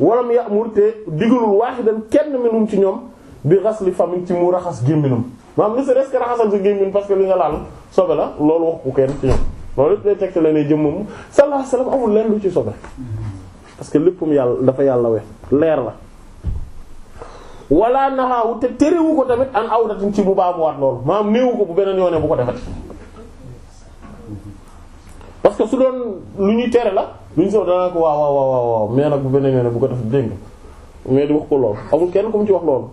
walam ya'mur te digalul waaxidan kenn minum ci ñoom bi xasli famin ci mu raxas gémminum maam li sa des que raxasal sa gémmin parce que li nga laal sobe la loolu wax ku kenn ci ñoom loolu it day teg la ne jëm moom sallallahu alayhi amul leen lu ci sobe parce que léppam yàlla dafa yàlla we leer la wala naxaawu te terewu ko tamit an awdatin ci mu baamuwaat loolu maanaam néewu ko bu beneen yoonee bu ko defati parce que su doon lu ñuy tere la lu ñu sow danaa ko waaw waaw waaw waaw nag bu beneen yoon bu ko def dégg di wax ko loolu amul kenn ku mu ci wax loolu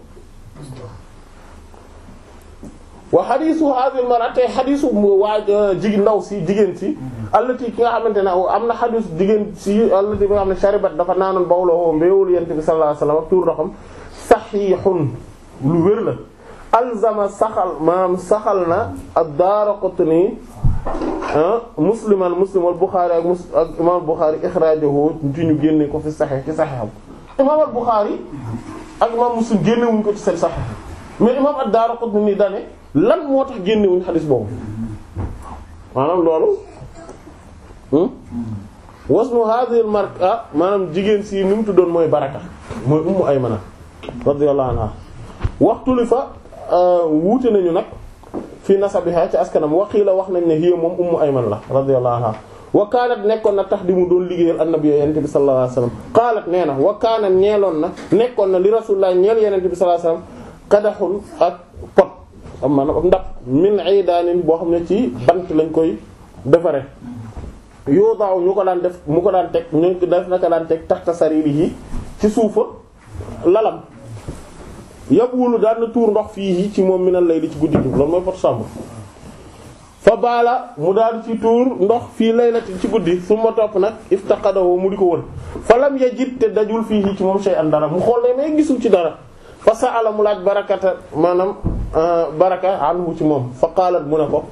euh, ndaw si jigéen si allati ki nga xamante ne am na xadiis jigéen si allati bi nga xam ne dafa naanoon bawloo mbéewul yent bi sallallahu alayhi ak tuur doxam saxiixun lu wér la alzama saxal maanaam saxal na ad-Daaraqutni musliman muslim al Buxaari ak mus ak imaam al Buxaari ixraajahu ci ñu génne ko fi saxiix ci saxiixam imaam al Buxaari ak imaam muslim génne wuñ ko ci seen saxiix mais imaam ad-Daaraqutni nii dane lan moo tax génne wuñ xadis boobu maanaam loolu hmm? wasnu hadhihi al mar'a ah, maanaam jigéen si ni mu tuddoon mooy baraka mooy ay aymana radiyallahu anha waxtu li fa euh, wuute nañu nag fii nasabiha ci askanam la wax nañ ne hiya moom ummu ayman la radiyallahu anha wa kaanat nekkoon na tax di mu doon liggéeyal annabi yonent bi sallallahu alayhi wasallam qaalat nee na wa kaana ñeeloon na nekkoon na li rasulullah ñeel yonent bi sallallahu alayhi wasallam kadaxul ak pot maanaam ndax min iidaanin boo xam ne ci bant lañ koy defare yoo daaw ñu ko daan def mu ko daan teg ñu def naka daan teg taxta sariri yi ci suufa lalam yabulu daan na ndox fii ci moom mi nan lay di ci guddi gi loolu mooy pot sàmm fa baala mu daan ci tuur ndox fii lay la ci guddi su ma topp nag iftaqadahu mu di ko wër fa lam yajid te dajul fii ci moom shay'an dara mu xool ne may gisul ci dara fa sa'ala mu laaj barakata maanaam euh, baraka anhu ci moom fa qaalat mu ne ko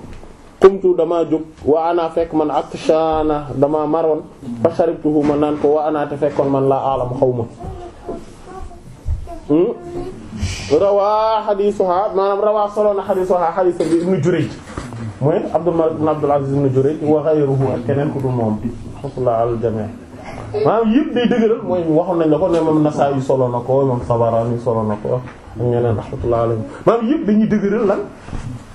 qumtu damaa jóg wa ana fekk man akshaana damaa maroon fa sharibtuhu ma naan ko wa ana fekkoon man laa aalam xaw ma hmm? rawaa xadiisuha maanaam rawaa solo na xadiisuha xadiisa bi ibnu Jurayj mooy Abdullah ibn Abdul Aziz ibn Jurayj wa ghayruhu ak keneen ku dul moom rahmatullah al jami' maanaam yëpp day mooy waxoon nañ la ko ne moom Nasaa'i solo na ko moom Tabarani solo na ko ak ñeneen rahmatullah alayhim maanaam yëpp dañuy dëgëral lan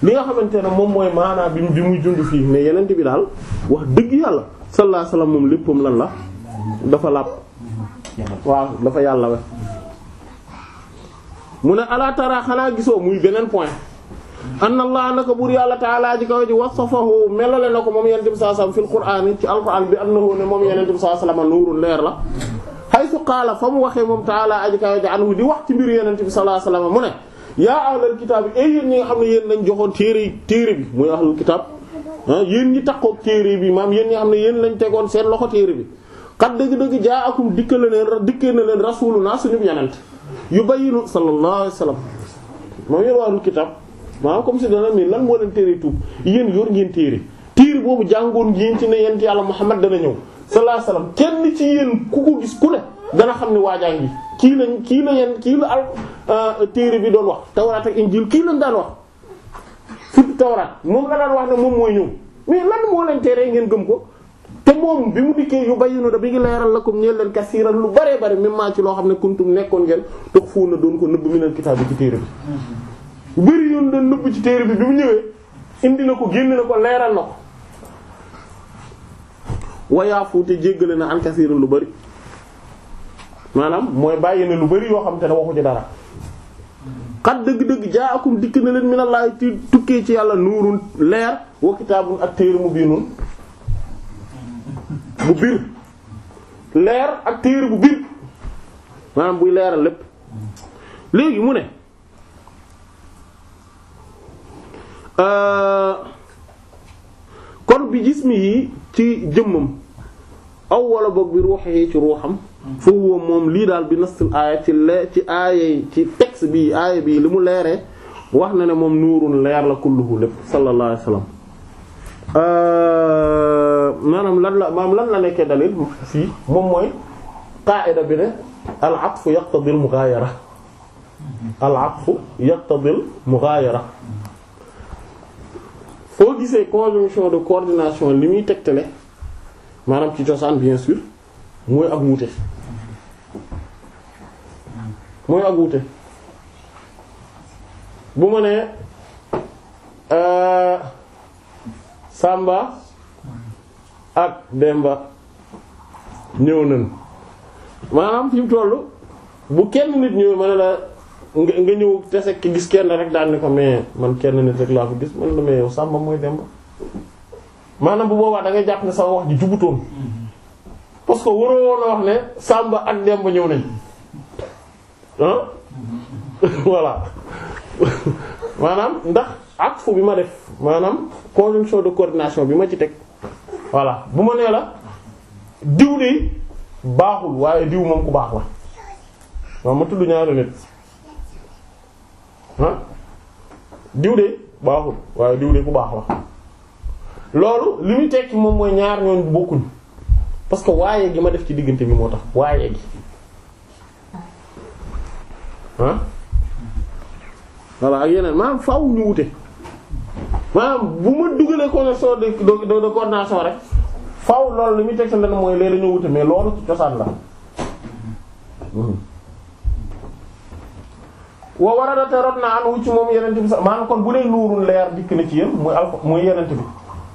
li nga xamante ne moom mooy maanaam bi bi muy jund fii mais yeneen bi daal wax dëgg yàlla sallallahu alayhi moom léppam lan la dafa làpp waaw dafa yàlla we mu ne alaa tara xanaa gisoo muy beneen point anna allah naka buur yàlla taala ji kaw ji wasafahu melale na ko moom yenente bi sallallahu alayhi wasallam fil qur'aan ci alquran bi annahu ne moom yenente bi sallallahu leer la haythu qaala fa mu waxee moom taala aji kaw ji anhu di wax ci mbir yeneen bi sallallahu alayhi wasallam mu ne yaa ahlal kitaab eh, yi ay xam ne yéen lañ joxoon téere téere bi muy wax ahlul kitaab ah, yéen ñi takkook téere bi maam yéen ñi xam ne yéen lañ tegoon seen loxo téere bi xat dëgg-dëgg jaa akum dikkale leen dikkee na leen rasuluna suñu yenent yu bayyinu sallallahu alayhi wa sallam moom yéen wàllu kitaab maanaam comme si dana ne lan moo leen téere tuub yéen yoor ngeen téere téere boobu jàngoon ngeen ci ne yent yàlla Muhammad dana ñëw sallallahu alayhi wa sallam kenn ci yéen ku ko gis ku ne dana xam ne waajaa ngi kii lañ kii la yeen kii la al euh, téere bi doon wax tawraat ak injil kii lañ daan wax surtout tawraat moom la daan wax ne moom mooy ñëw mais lan moo leen téere ngeen gëm ko te moom bi mu dikkee yu bayyinu da bi ngi leeral la comme ñeel leen kasiiran lu bare bare même maa ci loo xam ne kuntum nekkoon ngeen tox fuu na doon ko nëbb minal kitaab bi ci téere bi mm-hmm. yoon ci téere bi bi mu ñëwee indi na ko génn na ko leeral na ko wayaafu te jéggale na an kasiiran lu bari maanaam mooy bàyyi na lu bari yoo xam te ne waxu ci dara mm-hmm. xat dëgg-dëgg jaa akum dikk na leen minallaahi ti tukkee ci yàlla nuurun leer wa kitaabun ak téere mu biinun bu biir leer ak téere bu biir maanaam buy leeral lépp léegi mu ne euh, kon bi jismi yi ci jëmmam aw walla boog bi ruux yi ci ruuxam foofu moom lii daal bi nastul aaya ci le ci aaya ci texte bi aaya bi li mu leeree wax na ne moom nuurun leer la kulluhu lépp sallallahu alayhi maanaam lan la maanaam lan la nekkee dalil fii moom mooy qaa'ida bi ne al atfu yaqtadi al mughaayara al atfu yaqtadi al mughaayara foo gisee conjonction de coordination li muy tegtale maanaam ci cosaan bien sûr mooy ak wuute mooy ak wuute bu ma nee euh, Samba ak Demba ñëw nañ maanaam fi mu toll bu kenn nit ñëw ma ne la nga ñëw tese ki gis kenn rek daal ne ko mais man kenn nit rek laa ko gis man la mais yow Samba mooy Demba maanaam bu boobaa da ngay jàpp ne sama wax ji jubutoon parce que woon a wax ne Samba ak Demba ñëw nañ ah voilà maanaam ndax ak fu bi ma def maanaam conjonction de coordination bi ma ci teg. voilà bu ma nee la diw baaxul waaye diw moom ku baax la waaw ma tudd ñaari nit ah diw de baaxul waaye diw ku baax la loolu li muy tekki moom mooy ñaar ñooñ bokkuñ parce que waaye gi ma def ci diggante bi moo tax waaye gi ah voilà ak yeneen maanaam faaw ñu wute. maanaam bu ma dugalee connexion de de de coordination rek faaw loolu li muy teg sa lenn mooy léeg dañoo wute mais loolu ci cosaan la. wa war a doon te rot naa ànd wu ci moom yeneen bi sax maanaam kon bu dee nuurul leer dikk na ci yéen mooy alfa mooy yeneen bi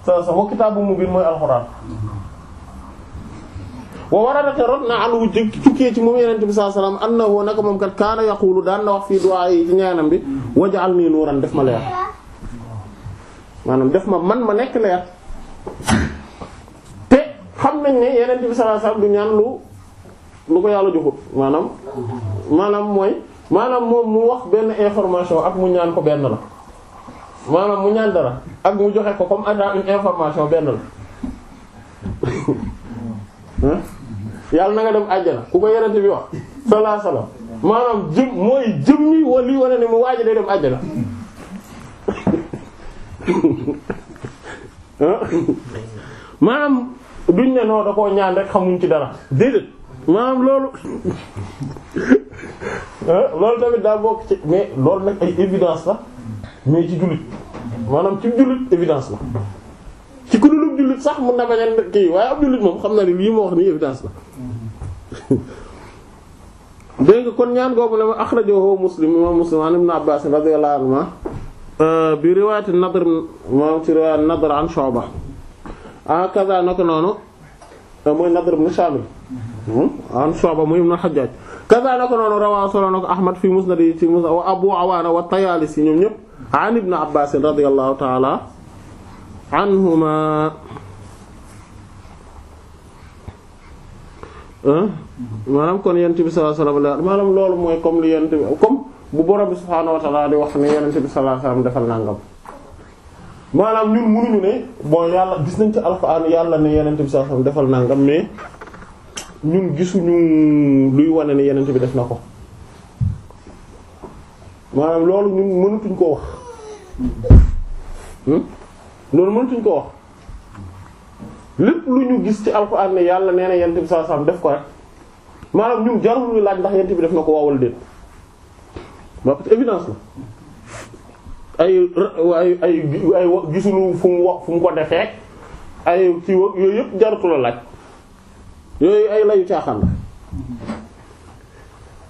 sa sa wa kitaabu mubiin mooy alxuraan. wa war a doon te rot naa ànd wu ci tukkee ci moom yeneen bi saa salaam annahu naka moom kat kaana yaqulu daan na wax fii du'a yi ci ñaanam bi waj'alnii nuuran def ma leer. maanaam def ma man ma nekk leer te xam nañ ne yeneen bi sallallahu alayhi ñaan lu lu ko yàlla joxut maanaam maanaam mooy maanaam moom mu wax benn information ak mu ñaan ko benn la maanaam mu ñaan dara ak mu joxe ko comme ada une information benn la yàlla na nga dem àjjana ku ko yenente bi wax sallallahu maanaam jëm mooy jëmmi wala lii wane ne mu waaji day dem àjjana maanaam duñ ne noo da koo ñaan rek xamuñ ci dara déedéet maanaam loolu eh, loolu tamit daa bokk ci mais loolu nag ay évidence la mais ci jullit maanaam ci jullit évidence la ci ku dul jullit sax mën na bañal kii waaye ab jullit moom xam na ni lii ma wax ni évidence la dégg kon ñaan googu la ma akhrajahu muslim imam muslim an ibn abbas radiyallahu anhu Euh, bi riwaayati Nadr moom ci riwaayati Nadr an Shu'ba akaza naka noonu euh, mooy Nadr ibn Shamil hmm? an Shu'ba muy ibn Hajjaj kaza noonu rawaa solo na ko fi musnad ci musnad wa Abu Awaana wa Tayaalisi ñoom ñëpp an ibn Abbaas radiyallahu ta'ala anhuma maanaam kon yent bi sallallahu loolu mooy comme li yent bi bu borom bi subhaanahu wa ta'ala di wax ne yonent bi sallallahu alayhi wasallam defal nangam maanaam ñun mënuñu ne bon yàlla gis nañ ci alxuraan yàlla ne yonent bi sallallahu alayhi wasallam defal nangam mais ñun gisuñu wane ne bi def na ko maanaam loolu ñun mënatuñ koo wax hmm? loolu mënatuñ koo ñu gis ci alxuraan ne yàlla nee na yonent bi sallallahu alayhi def ko rek maanaam ñun jarul ñu laaj ndax yonent bi def na ko waawal déet waaw parce que la ay ay ay ay gisulu fu mu ko defee ay ci wa yooyu yëpp jarutu la laaj yooyu ay layu caaxaan la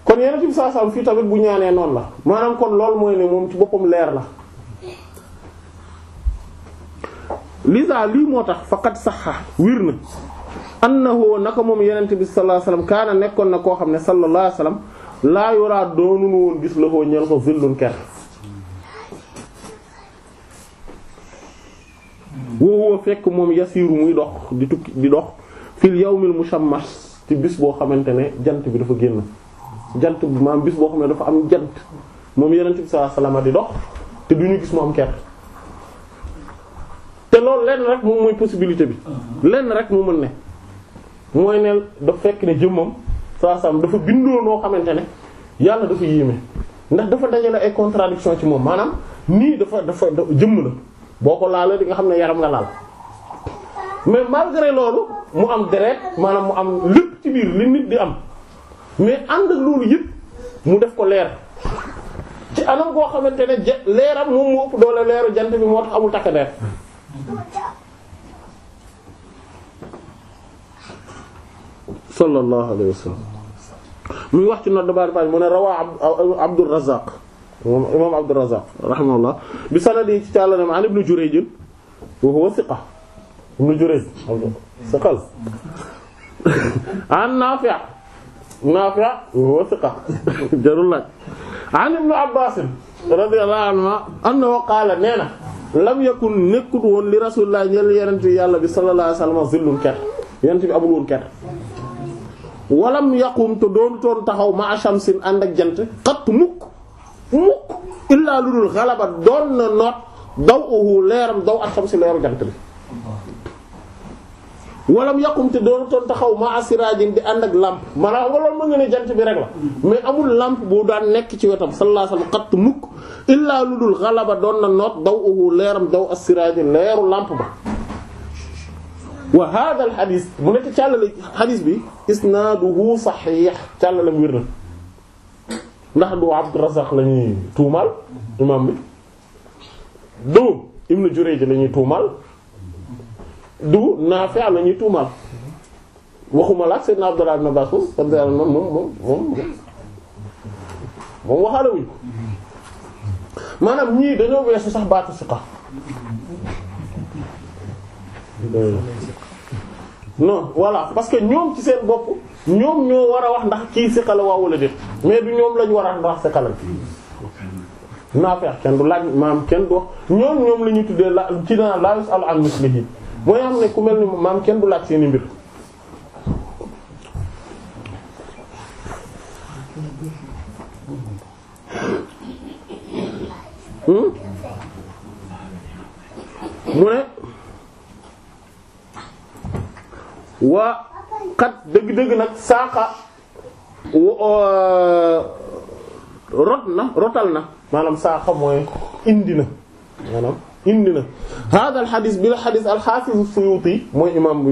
kon yeneen ci saa saa fii tamit bu ñaanee noonu la maanaam kon loolu mooy ne moom ci boppam leer la lisa lii moo tax faqat saxa wir na annahu naka moom yeneen bi sallallahu alayhi wasallam kaana nekkoon na koo xam ne sallallahu alayhi laa yoraa doonul woon gis la foo ñel ko zillun ker woowu fekk moom yasiiru muy dox di tukki di dox fil yawmil musammas ci bis boo xamante ne jant bi dafa génn jant bi maanaam bis boo xam ne dafa am jant moom yeneen bi sallallahu alayhi wasallam di dox te du ñu gis mu am ker te loolu lenn rek moom mooy possibilité bi lenn rek mu mën ne mooy ne dafa fekk ne jëmmam saa saam dafa bindoo noo xamante ne yàlla dafa yéeme ndax dafa dajale ay contradiction ci moom maanaam nii dafa dafa jëmm la boo ko laalee di nga xam ne yaram nga laal mais malgré loolu mu am deret maanaam mu am lépp ci biir li nit di am mais ànd ak loolu yëpp mu def ko leer ci anam goo xamante ne je leeram moom moo ëpp doole leeru jant bi moo tax amul takk der sallallahu alayhi wa muy wax ci nodd bari bari mu ne rawaa Abdur Razzaq moom imaam Abdur Razzaq rahimahullah bi sanadi ci càlla nam an Ibnu Jurayj wa huwa thiqa Ibnu Jurayj thiqal an Naafi' Naafi' wa huwa thiqa jarul an Ibnu Abbaas radiyallahu anhuma annahu qaala nee na lam yakun nekkul woon li Rasulullah ñel yenent yàlla bi sallallahu alayhi wa zillun ker yenent bi amul woon ker walam yaqum te doonu toon taxaw ma shamsin ànd ak jant xatt mukk lu dul xalaba doon noot daw leeram daw ak shamsi leeru jant bi walam yaqum te doonu toon taxaw ma siraajin di ànd ak làmp maanaam nga loolu ma nga ne jant bi rek la mais amul làmp bu daan nekk ci wetam sallallahu alayhi wasallam xatt illaa lu dul xalaba doon na noot daw uhu leeram daw ak siraajin leeru làmp ba wa hadha al xadis mu nekk càllale xadis bi isnaaduhu saxiix càllalam wér na ndax du Abdourazaq la ñuy tuumaal imaam bi du Ibn Jurayj la tuumaal du Naafi' la ñuy tuumaal waxuma la ak Seydina Abdullah ibn Abbas moom moom moom moom moom maanaam ñii dañoo weesu sax baatu siqa non voilà parce que ñoom ci seen bopp ñoom ñoo war a wax ndax kii siqa la waaw wala déet mais du ñoom lañu war a wax siqa la naa feex kenn du laaj maam kenn du wax ñoom ñoom la ñuy tuddee la ci dana laa yus'alu an mislihi mooy xam ne ku mel ni maam kenn du laaj seeni mbir hmm? mu ne waa kat dëgg-dëgg nag saaxa uh, rot na rotal na maanaam saaqa mooy indi na maanaam indi na hada al bi la xadis alxaafisu suyuti mooy imam bi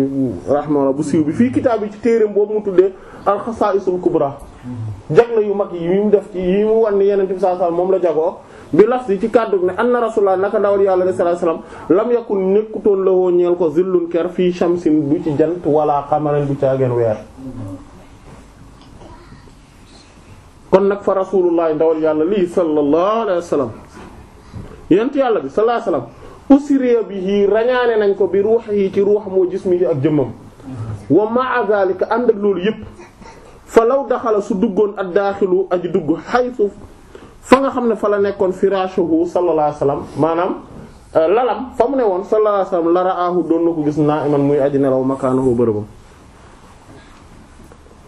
rahimahullah bu siiw bi fii kitaab yi ci téereem boobu mu tuddee al xasaa'isul kubra jagle yu mag yi mu def ci yi mu wan ni yeneen ci moom la jagoo bi laf yi ci kàddu ne anna rasulullah naka dawal yàlla sallallahu alayhi wasallam lam yakun nekkutoon la woo ñeel ko zillun ker fii shamsin du ci jant wala xamaran du caageen weer kon nag fa rasulullah dawal yàlla lii sallallahu alayhi yent yàlla bi sallallahu alayhi wasallam usriya bihi nañ ko bi ruuxihi ci ruux moo jismihi ak jëmmam wa ma'a zalika ànd ak loolu yépp fa law daxala su duggoon ak daaxilu aji dugg xaytu fa nga xam ne fa la nekkoon firaashuhu sallallahu alayhi wasallam maanaam euh, lalam fa mu ne woon sallallahu alayhi wasallam la doon na ko gis naa iman muy aji nelaw makaanahu bërëbam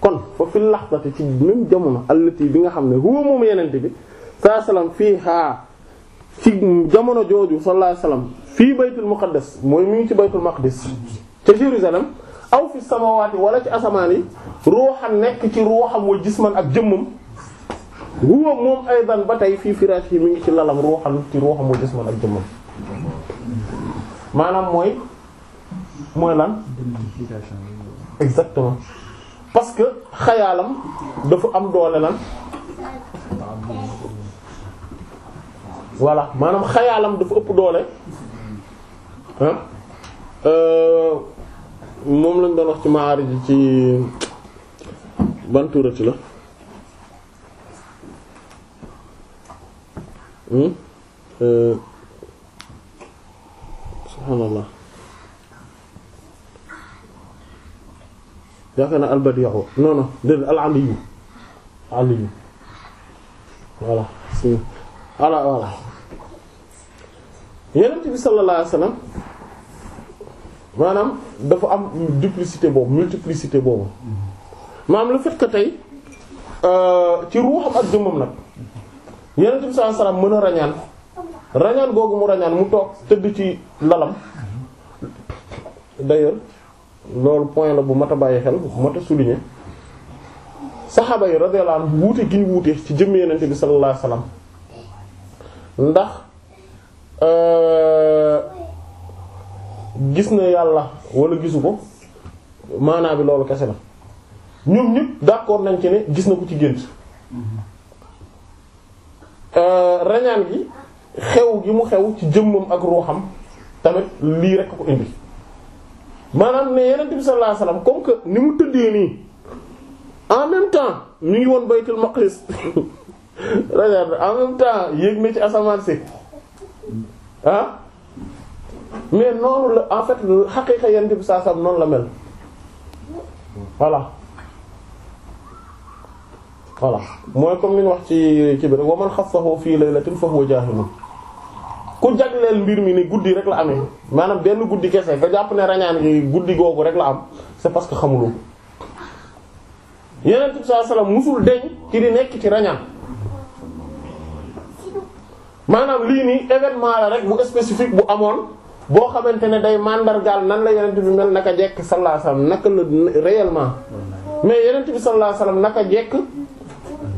kon fa fi laxtati ci même jamono allati bi nga xam ne huwa moom yenente bi sallallahu alayhi fii haa ci jamono jooju sallallahu alayhi wasallam fii baytul muqaddas mooy mi ngi ci baytul maqdis ca Jérusalem aw fi samawaati wala ci asamaan yi ruuxam nekk ci ruuxam wa jisman ak jëmmam huwa moom aydan ba tey fii firaash yi mi ngi ci lalam ruuxan ci ruuxam wa jisman ak jëmmam maanaam mooy mooy lan exactement parce que xayaalam dafa am doole lan voilà maanaam xayaalam dafa ëpp doole euh, moom lañ doon wax ci maari ji ci ban la Hmm? subhaanallah yaakaar na albadiyahu non non déedéet al aliyu aliyu voilà si ala voilà yenent bi sallallahu alayhi maanaam dafa am duplicité boobu multiplicité boobu maanaam le fait que tey euh, ci ruuxam ak jëmmam nag Yonent bi sallallahu alayhi mën a rañaan rañaan boobu mu rañaan mu toog tëdd ci lalam d'ailleurs loolu point la bu mat a bàyyi xel bu mat a souligner saxaaba yi radiyallahu anhum wuute gi ñu wuute ci jëmm Yonent bi sallallahu alayhi wasallam ndax euh, gis na yàlla wala gisu ko maanaa bi loolu kese la ñoom ñëpp d'accord nañ ci ne gis na ko ci gént Euh, rañaan gi xew gi mu xew ci jëmmam ak ruuxam tamit lii rek ko indi maanaam ne yenent bi sallallahu alayhi wasallam comme que ni mu tëddee nii en même temps ñu ngi woon baytul maqdis rañaan en même temps yéeg na ci asamaan si ah mais noonu la en fait xaqiiqa yenent bi sallallahu alayhi noonu la mel voilà voilà mooy comme li ñu wax ci ci biir wa man xassahu fii laylatin fa huwa jaahilun ku jagleel mbir mi ni guddi rek la amee maanaam benn guddi kese nga jàpp ne rañaan gi guddi googu la am c'est que xamuloo yeneen bi sallallahu alayhi wasallam musul nekk ci rañaan maanaam lii nii événement la rek bu spécifique bu amoon boo xamante ne day màndargaal nan la yeneen bi mel naka jekk sallallahu alayhi naka la réellement mais yeneen bi sallallahu alayhi wasallam naka jekk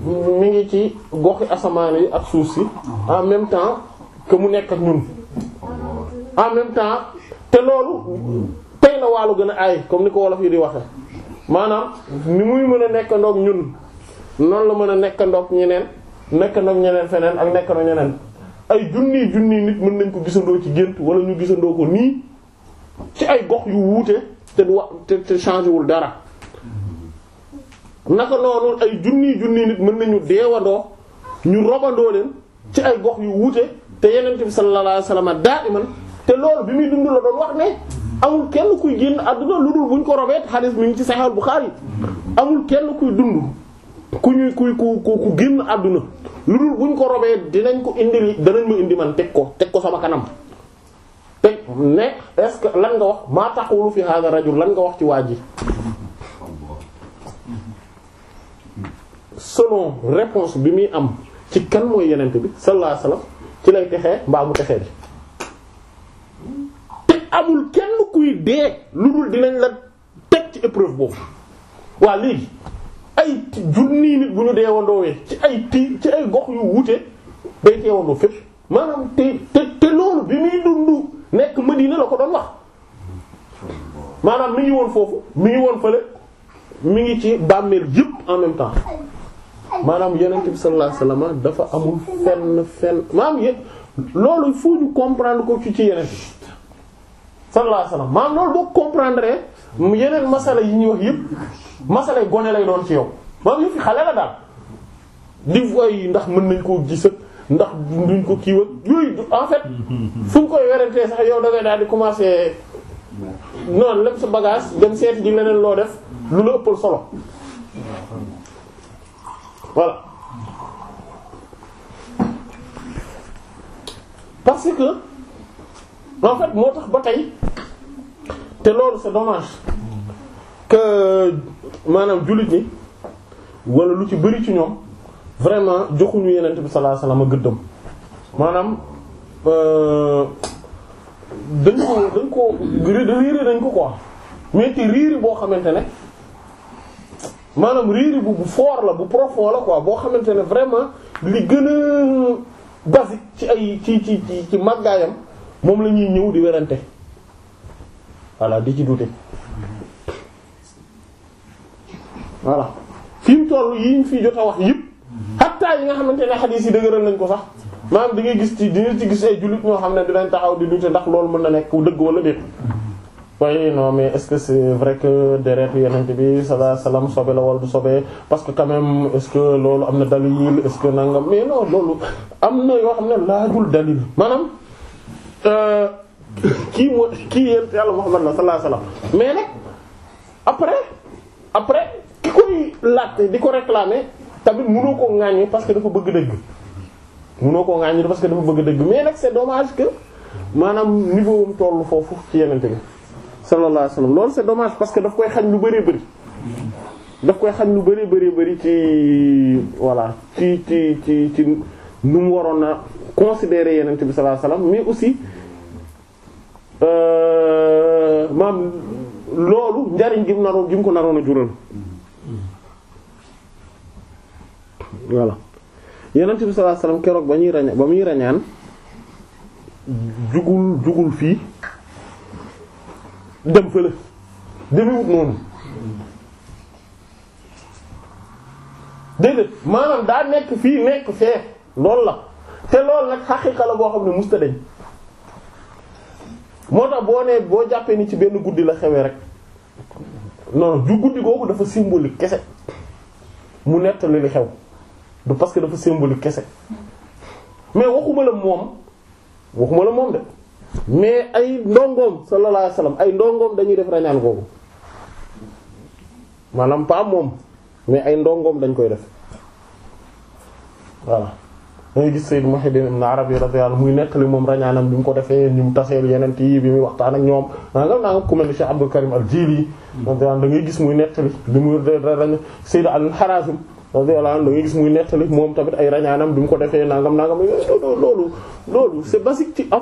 mi ngi ci goxi asamaan yi ak suuf si uh-huh. en même temps que mu nekk ak ñun en même temps te loolu tey la wàllu gën a ay comme ni ko wolof yi di waxe maanaam ni muy mën a nekk ndoog ñun noonu la mën a nekk ndoog ñeneen nekk ndoog ñeneen feneen ak nekk ndoog ñeneen ay junni junni nit mën nañ ko gisandoo ci gént wala ñu gisandoo ko nii ci ay gox yu wuute te du wax te te changé wul dara naka noonu ay junni junni nit mën nañu deewandoo ñu robandoo leen ci ay gox yu wuute te yenent bi sallallahu alayhi wasallam daa iman te lool bi muy dund la doon wax ne amul kenn kuy génn àdduna lu dul buñ ko robee xaalis mi ngi ci Sahih Bukhari amul kenn kuy dund ku ñuy kuy ku ku génn àdduna buñ ko robee dinañ ko indi danañ ma indi man teg ko teg ko sama kanam te ne est-ce lan nga wax maa taqulu fi hadha rajul lan nga wax ci waa ji solon réponse bi muy am ci kan mooy yenente bi sallallahu alayhi wasallam ci lay texee mbaa mu texee bi te amul kenn kuy dee lu dul dinañ la teg ci épreuve boobu waa léegi ay junni nit bu ñu deewandoowee ci ay ti ci ay gox yu wuute day teewandoo fépp maanaam te te te loolu bi muy dund nekk Madina la ko doon wax maanaam mi ngi woon foofu mu ngi woon fële mi ngi ci bàmmeel yëpp en même temps maanaam yonent bi sallallahu alayhi wa sallam dafa amul fenn fenn maam yéen loolu fu ñu comprendre ko ci ci yonent bi sallallahu alayhi wa sallam maanaam loolu boo comprendre yeneen masala yi ñuy wax yépp masala gone lay doon ci yow maanaam yëpp xale la daal di voy ndax mën nañ koo gis ndax duñ ko kiiwag yooyu en fait fu ñu koy werantee sax yow da ngay daal di commencer noonu lépp sa bagage dem seet di leneen loo def lu la ëppal solo. voilà parce que en fait moo tax ba tey te loolu c'est dommage que maanaam jullit ñi wala lu ci bari ci ñoom vraiment joxuñu yenent bi sallallahu alayhi wasallam gëddam maanaam euh, dañ ko dañ ko riiri dañ ko quoi mais riiri boo xamante ne maanaam réeri bu bu fort la bu profond la quoi boo xamante ne vraiment li gën a basique ci ay ci ci ci ci màggaayam moom la ñuy ñëw di werante voilà di ci dute voilà fi mu toll yi ñu fi jot a wax yëpp xattaa yi nga xamante ne xadiis yi dëgëral nañ ko sax maanaam di nga gis ci di nga ci gis ay jullit ñoo xam ne dinañ taxaw di dute ndax loolu mën na nekk dëgg wala déet oui non mais est-ce que c'est vrai que deret yeneen bi sallallahu alayhi wasallam sobe la wala du sobe parce que quand même est-ce que loolu am na dalil est-ce que nangam mais non loolu am na yoo xam ne laajul dalil maanaam euh, kii moo kii yent yàlla Muhammad la sallallahu alayhi mais nag après après ki koy laajte di ko réclamer tamit mënoo koo ŋaaññi parce que dafa bëgg dëgg mënoo koo ŋaaññi parce que dafa bëgg dëgg mais nag c'est dommage que maanaam niveau am tollu foofu ci yeneen bi. sallallahu alayhi wasallam loolu c'est dommage parce que daf koy xañ lu bëree bëri daf koy xañ lu bëree bëri bëri ci voilà ci ci ci ci nu mu waroon a considérer yenent bi sallallahu alayhi wasallam mais aussi euh, maam loolu njariñ gi mu naroon gi mu ko naroon a jural voilà yenent bi sallallahu alayhi keroog ba ñuy raña ba muy rañaan jugul jugul fii dem fële demewut noonu déedéet maanaam daa nekk fii nekk fee loolu la te loolu nag xaqiiqa la boo xam ne musta dañ moo tax boo nee boo jàppee ni ci benn guddi la xewee rek noonu ju guddi kooku dafa symbolique kese mu nettali li xew du parce que dafa symbolique kese mais waxuma la moom waxuma la moom de. mais ay ndongoom sallallahu alayhi wasallam ay ndongoom dañuy def rañaan googu maanaam pas moom mais ay ndongoom dañ koy def waaw dangay gis Sayyid Muhammad ibn Arabi radiyallahu anhu muy nettali moom rañaanam bi mu ko defee ñu mu taseel yeneen yi bi muy waxtaan ak ñoom nangam nangam ku mel ni Cheikh Abdul Karim gis muy nettali li muy rañ Sayyid al-Harazim radiyallahu muy nettali moom tamit ay rañaanam bi mu ko defee nangam nangam loolu loolu c'est basique ci en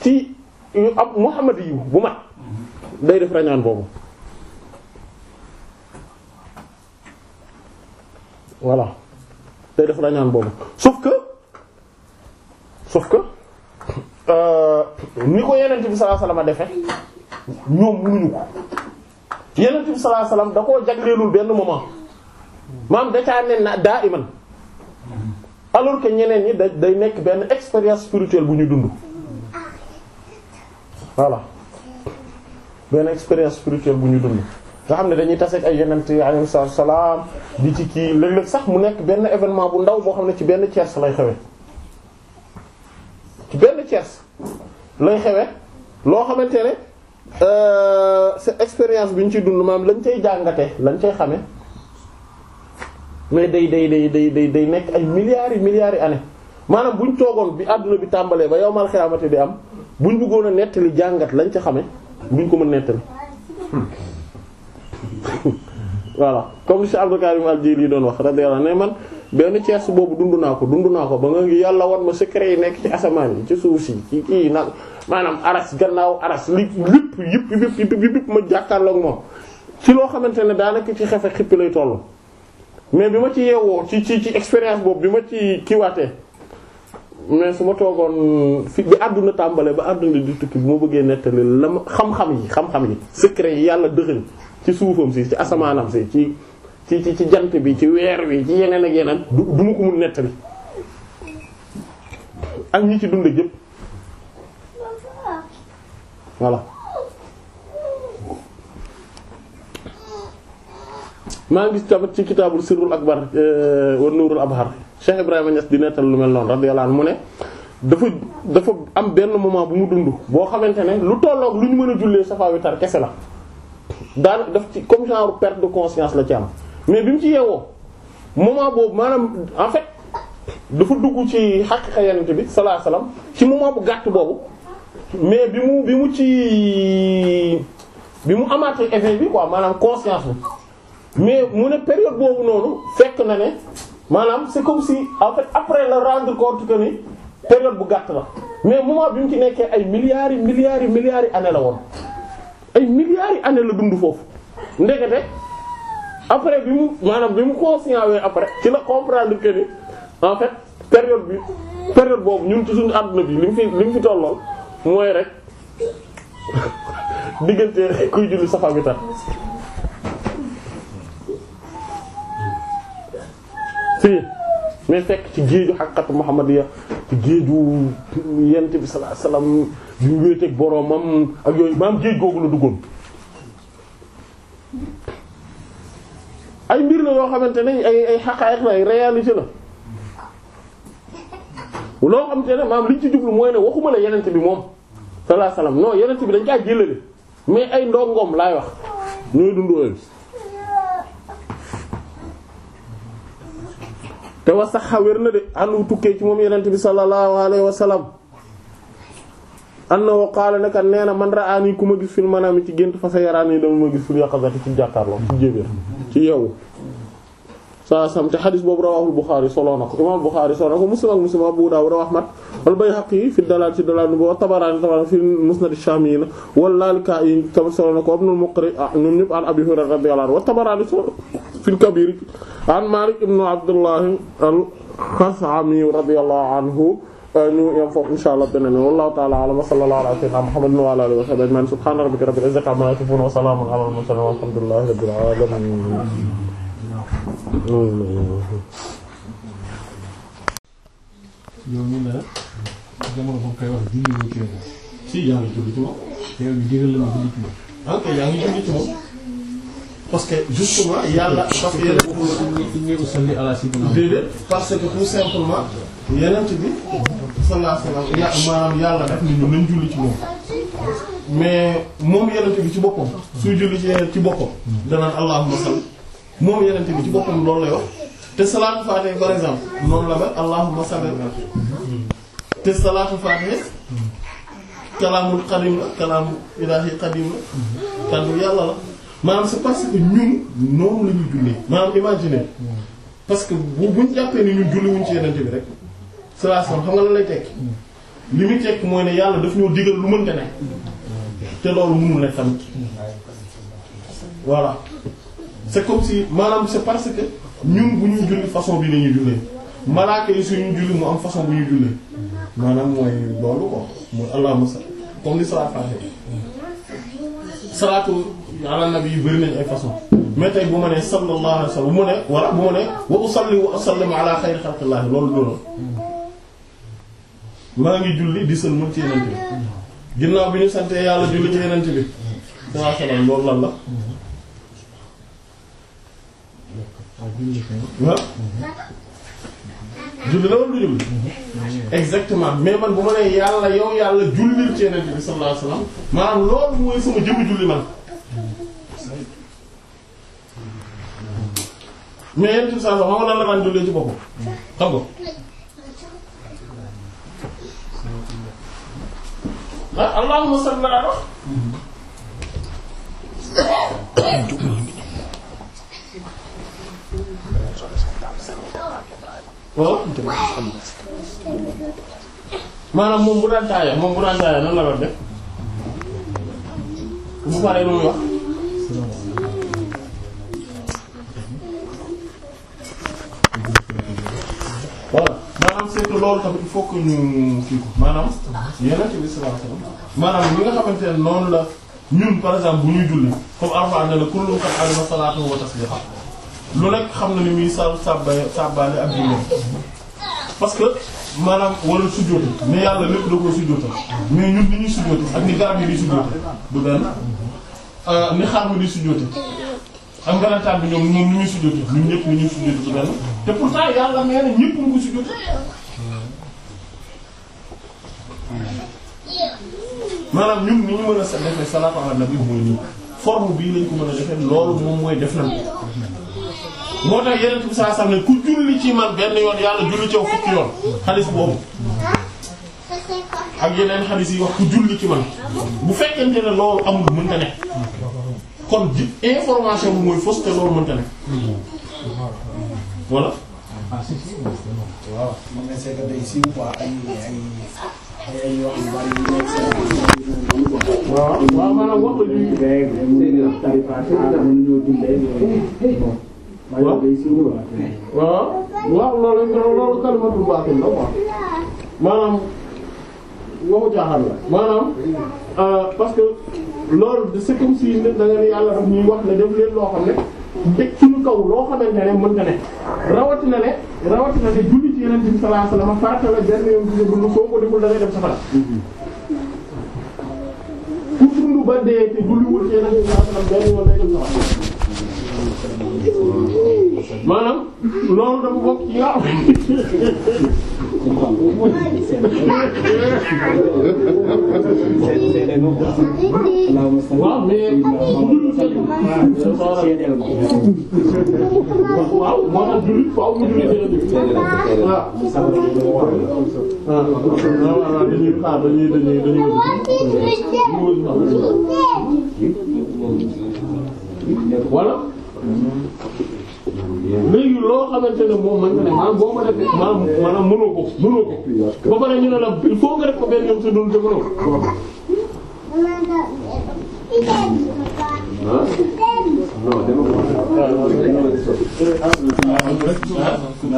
ci ab muhammadi yu bu mat day def rañaan boobu voilà def rañaan boobu sauf que sauf que euh, ni ko yenent bi sallallahu alayhi defe ñoom mënuñu ko yenent bi sallallahu da koo jagleelul benn moment maam da caa ne daa iman alors que ñeneen ñi da day nekk benn expérience spirituelle bu ñu dund voilà benn expérience spirituelle bu ñu dund nga xam ne dañuy taseeg ay yenent alayhi salaam di ci kii léeg-léeg sax mu nekk benn événement bu ndaw boo xam ne ci benn tiers lay xewe ci benn tiers lay xewe loo xamante ne cette expérience bi ñu ciy dund maam lañ cay jàngate lañ cay xame mais day day day day day day nekk ay milliards yi ane yi années maanaam buñ toogoon bi àdduna bi tàmbalee ba yow mal xiyaamati di am buñ bëggoon a nettali jàngat lañ ca xame buñ ko mën nettali voilà comme si Abdou Karim Al-Jili doon wax radiyallahu ne man benn cees boobu dund naa ko dund naa ko ba nga yàlla wan ma secret yi nekk ci asamaan yi ci suuf si ci kii nag maanaam aras gannaaw aras li lépp yëpp yëpp yëpp yëpp ma jàkkaarloog moom ci loo xamante ne daanaka ci xefe xippi lay toll mais bi ma ci yeewoo ci ci ci expérience boobu bi ma ci kiiwaatee mais su ma toogoon fi bi àdduna tàmbale ba àdduna di tukki bu ma bëggee nettali la ma xam-xam yi xam-xam yi secret yi yàlla dëxëñ ci suufam si ci asamaanam si ci ci ci jant bi ci weer wi ci yeneen ak yeneen du du ma ko mu nettali ak ñi ci dund yëpp voilà maa ngi gis tamit ci kitaabul sirrul akbar euh, wa nuurul abhar Cheikh Ibrahima Niass di nettal lu mel noonu radiyallahu anhu mu ne dafa dafa am benn moment bu mu dund boo xamante ne lu tolloog lu ñu mën a jullee safa witar kese la daan daf ci comme genre perte de conscience la ci am mais bi mu ci yeewoo moment boobu maanaam en fait dafa dugg ci xaqiqa yenente bi sallallahu alayhi wasallam ci moment bu gàtt boobu mais bi mu bi mu ci bi mu amaatee effet bi quoi maanaam conscience la mais mu ne période boobu noonu fekk na ne maanaam c'est comme si en fait après la rendre compte que ni période bu gàtt la mais moment bi mu ci nekkee ay milliards yi milliards yi milliards yi la woon ay milliards yi année la dund foofu ndekete après bi mu maanaam bi mu conscient wee après ci la comprendre que ni en fait période bi période boobu ñun ci suñu àdduna bi li mu fi li mu fi tollool mooy rek diggante kuy julli safa bi tax téye mais fekk ci géeju xaqatu muhammadiya ci géeju yent bi sallallahu alayhi wasallam yu boroomam ak yooyu maam géej googu la duggoon ay mbir la yoo xamante ne ay ay xaqaayiq la ay réalité la loo xamante ne maam liñ ci jublu mooy ne waxuma la yenent bi moom sallallahu alayhi wasallam non yenent bi dañ caa jëlale mais ay ndongoom laay wax ñooy dundu te wa sax xawér na de anu tukkee ci moom yenente bi sallallahu alayhi wa sallam annahu qaala naka nee na man ra'aani ku ma gis fil manaam ci gént fa sa yaraani dama ma gis fil yaqazati ci jàkkaarloo ci jébéer ci yeewu saa sam te xadis boobu rawaahul Buxaari solo na ko imaam Buxaari solo na ko Muslim ak Muslim Abu Daawud wa Ahmad wal Bayhaqi fi Dalaal ci Dalaal Nubuwwa Tabaraani Tabaraani fi Musnad Shaamiyyiin wal Laalakaa'i tamit solo na ko Ibnul Muqri ah, ñoom ñëpp an Abi Hurayra radiyallaahu anhu wa Tabaraani solo fi Kabiir an Maalik ibn Abdullaahi al-Xas'ami radiyallaahu anhu ah, ñu yam foofu inshaa Allah beneen wallaahu ta'aala a'lam wa sallallaahu alaa sayyidinaa Muhammadin wa alaa aalihi wa sahbihi ajma'iin subhaana rabbika rabbil izzati ammaa yasifuun wa salaamun alal mursaliin walhamdulillaahi rabbil aalamiin yow ñu ne la jamono ba wax julli wu ci si julli ci moom. yow ñu digal la ñu julli ci ah, parce que justement yàlla parce que yeneen déedéet parce que simplement yeneen bi sallallahu alayhi wa sallam maanaam yàlla def ni ñu nañ julli ci moom mais moom yeneen bi ci boppam suy julli ci boppam danaan allahumma salli moom yeneen bi ci boppam loolu lay wax te salaatu faatiha par exemple noonu la mel allahumma salli te salaatu faatiha kalaamul xadim la kalaamu ilaahi xadim la kaddu yàlla la maanaam c'est parce que ñun noonu la ñuy jullee maanaam imaginer parce que bu buñ jàppee ni ñun julliwuñ ci yeneen bi rek salaat xam nga lan lay tekki li muy tekki mooy ne yàlla daf ñoo digal lu mënte ne te loolu mënul ne tamit voilà c'est comme si maanaam c'est parce que ñun bu ñuy julli façon bi la ñuy jullee malaaka yi suñu julli mu am façon bu ñuy jullee maanaam mooy loolu ko mooy allahumma salli comme ni salaat fàtte salaatu ala nabi yu bëri nañ ay façon mais tey bu ma nee sallallahu alayhi wa sallam bu ma ne wala bu ma ne wa usalli wa usallimu ala xayri xalqillaah loolu doon maa ngi julli di sën mën ci yenente bi ginnaaw bi ñu sante yàlla julli ci yenente bi sallallahu alayhi wa loolu lan la waaw. julli la wala julli. exactement mais man bu ma yàlla yow yàlla jullil ci Yonent bi sallallahu alayhi wasallam maanaam loolu mooy julli man. mais Yonent bi sallallahu alayhi wasallam la daan ci boppam. xam nga. ah allahumma salli waaw maanaam moom bu daan taaya moom bu daan taaya nan la doon def bu paree lu muy wax maanaam c'est que loolu tamit il faut que ñu kii ko maanaam yeneen ci bi sallallahu alayhi wasallam maanaam li nga xamante noonu la ñun par exemple bu ñuy julli comme alxuraan ne la kullu qad alima salatahu wa tasbihahu lu nekk xam na ni muy sa sàbba sàbbaale ak julli parce que maanaam wala sujjóote ne yàlla lépp da ko sujjóote mais ñun ni ñuy sujjóote ak ni garab yi di sujjóote du benn euh, ni sujjóote bi ñoom ñoom du benn te pourtant yàlla nee ni ñu mën a defee salaatu ala nabi mooy nii forme bii lañ ko mën a defee loolu moom mooy def nañ ko moo tax yeneen bi saa sax ne ku julli ci man benn yoon yàlla julli ci yow fukki yoon xadis boobu ak yeneen xadis yi wax ku julli ci man bu fekkente ne loolu amul mënta ne kon ji information bi mooy fausse loolu mënta ne voilà. waaw waaw waaw loolu loolu kalimatu baatin la quoi maanaam waxu caaxaan la maanaam hmm. euh, parce que loolu de c'est comme si yàlla daf ñuy wax ne def leen loo xam ne teg suñu kaw loo xamante ne mën nga ne rawatina ne rawatina ne julli ci yeneen bi sallallahu alayhi wasallam farata la benn yoon bi nga soo ko deful da ngay dem safara hmm. ku dund ba te julli wul ci yeneen bi sallallahu alayhi wasallam benn yoon day dem maanaam loolu dafa bokk ci nga xam waaw mais waaw moo tax jullit faaw mu jullit dañuy xaar dañuy dañuy dañuy wala léegi loo xamante ne moom man nga ne maanaam boo ko defee maanaam maanaam mënoo ko mënoo ko ba pare ñu ne la il faut nga def ko benn yoon sa dund te mënoo ko. non dama ko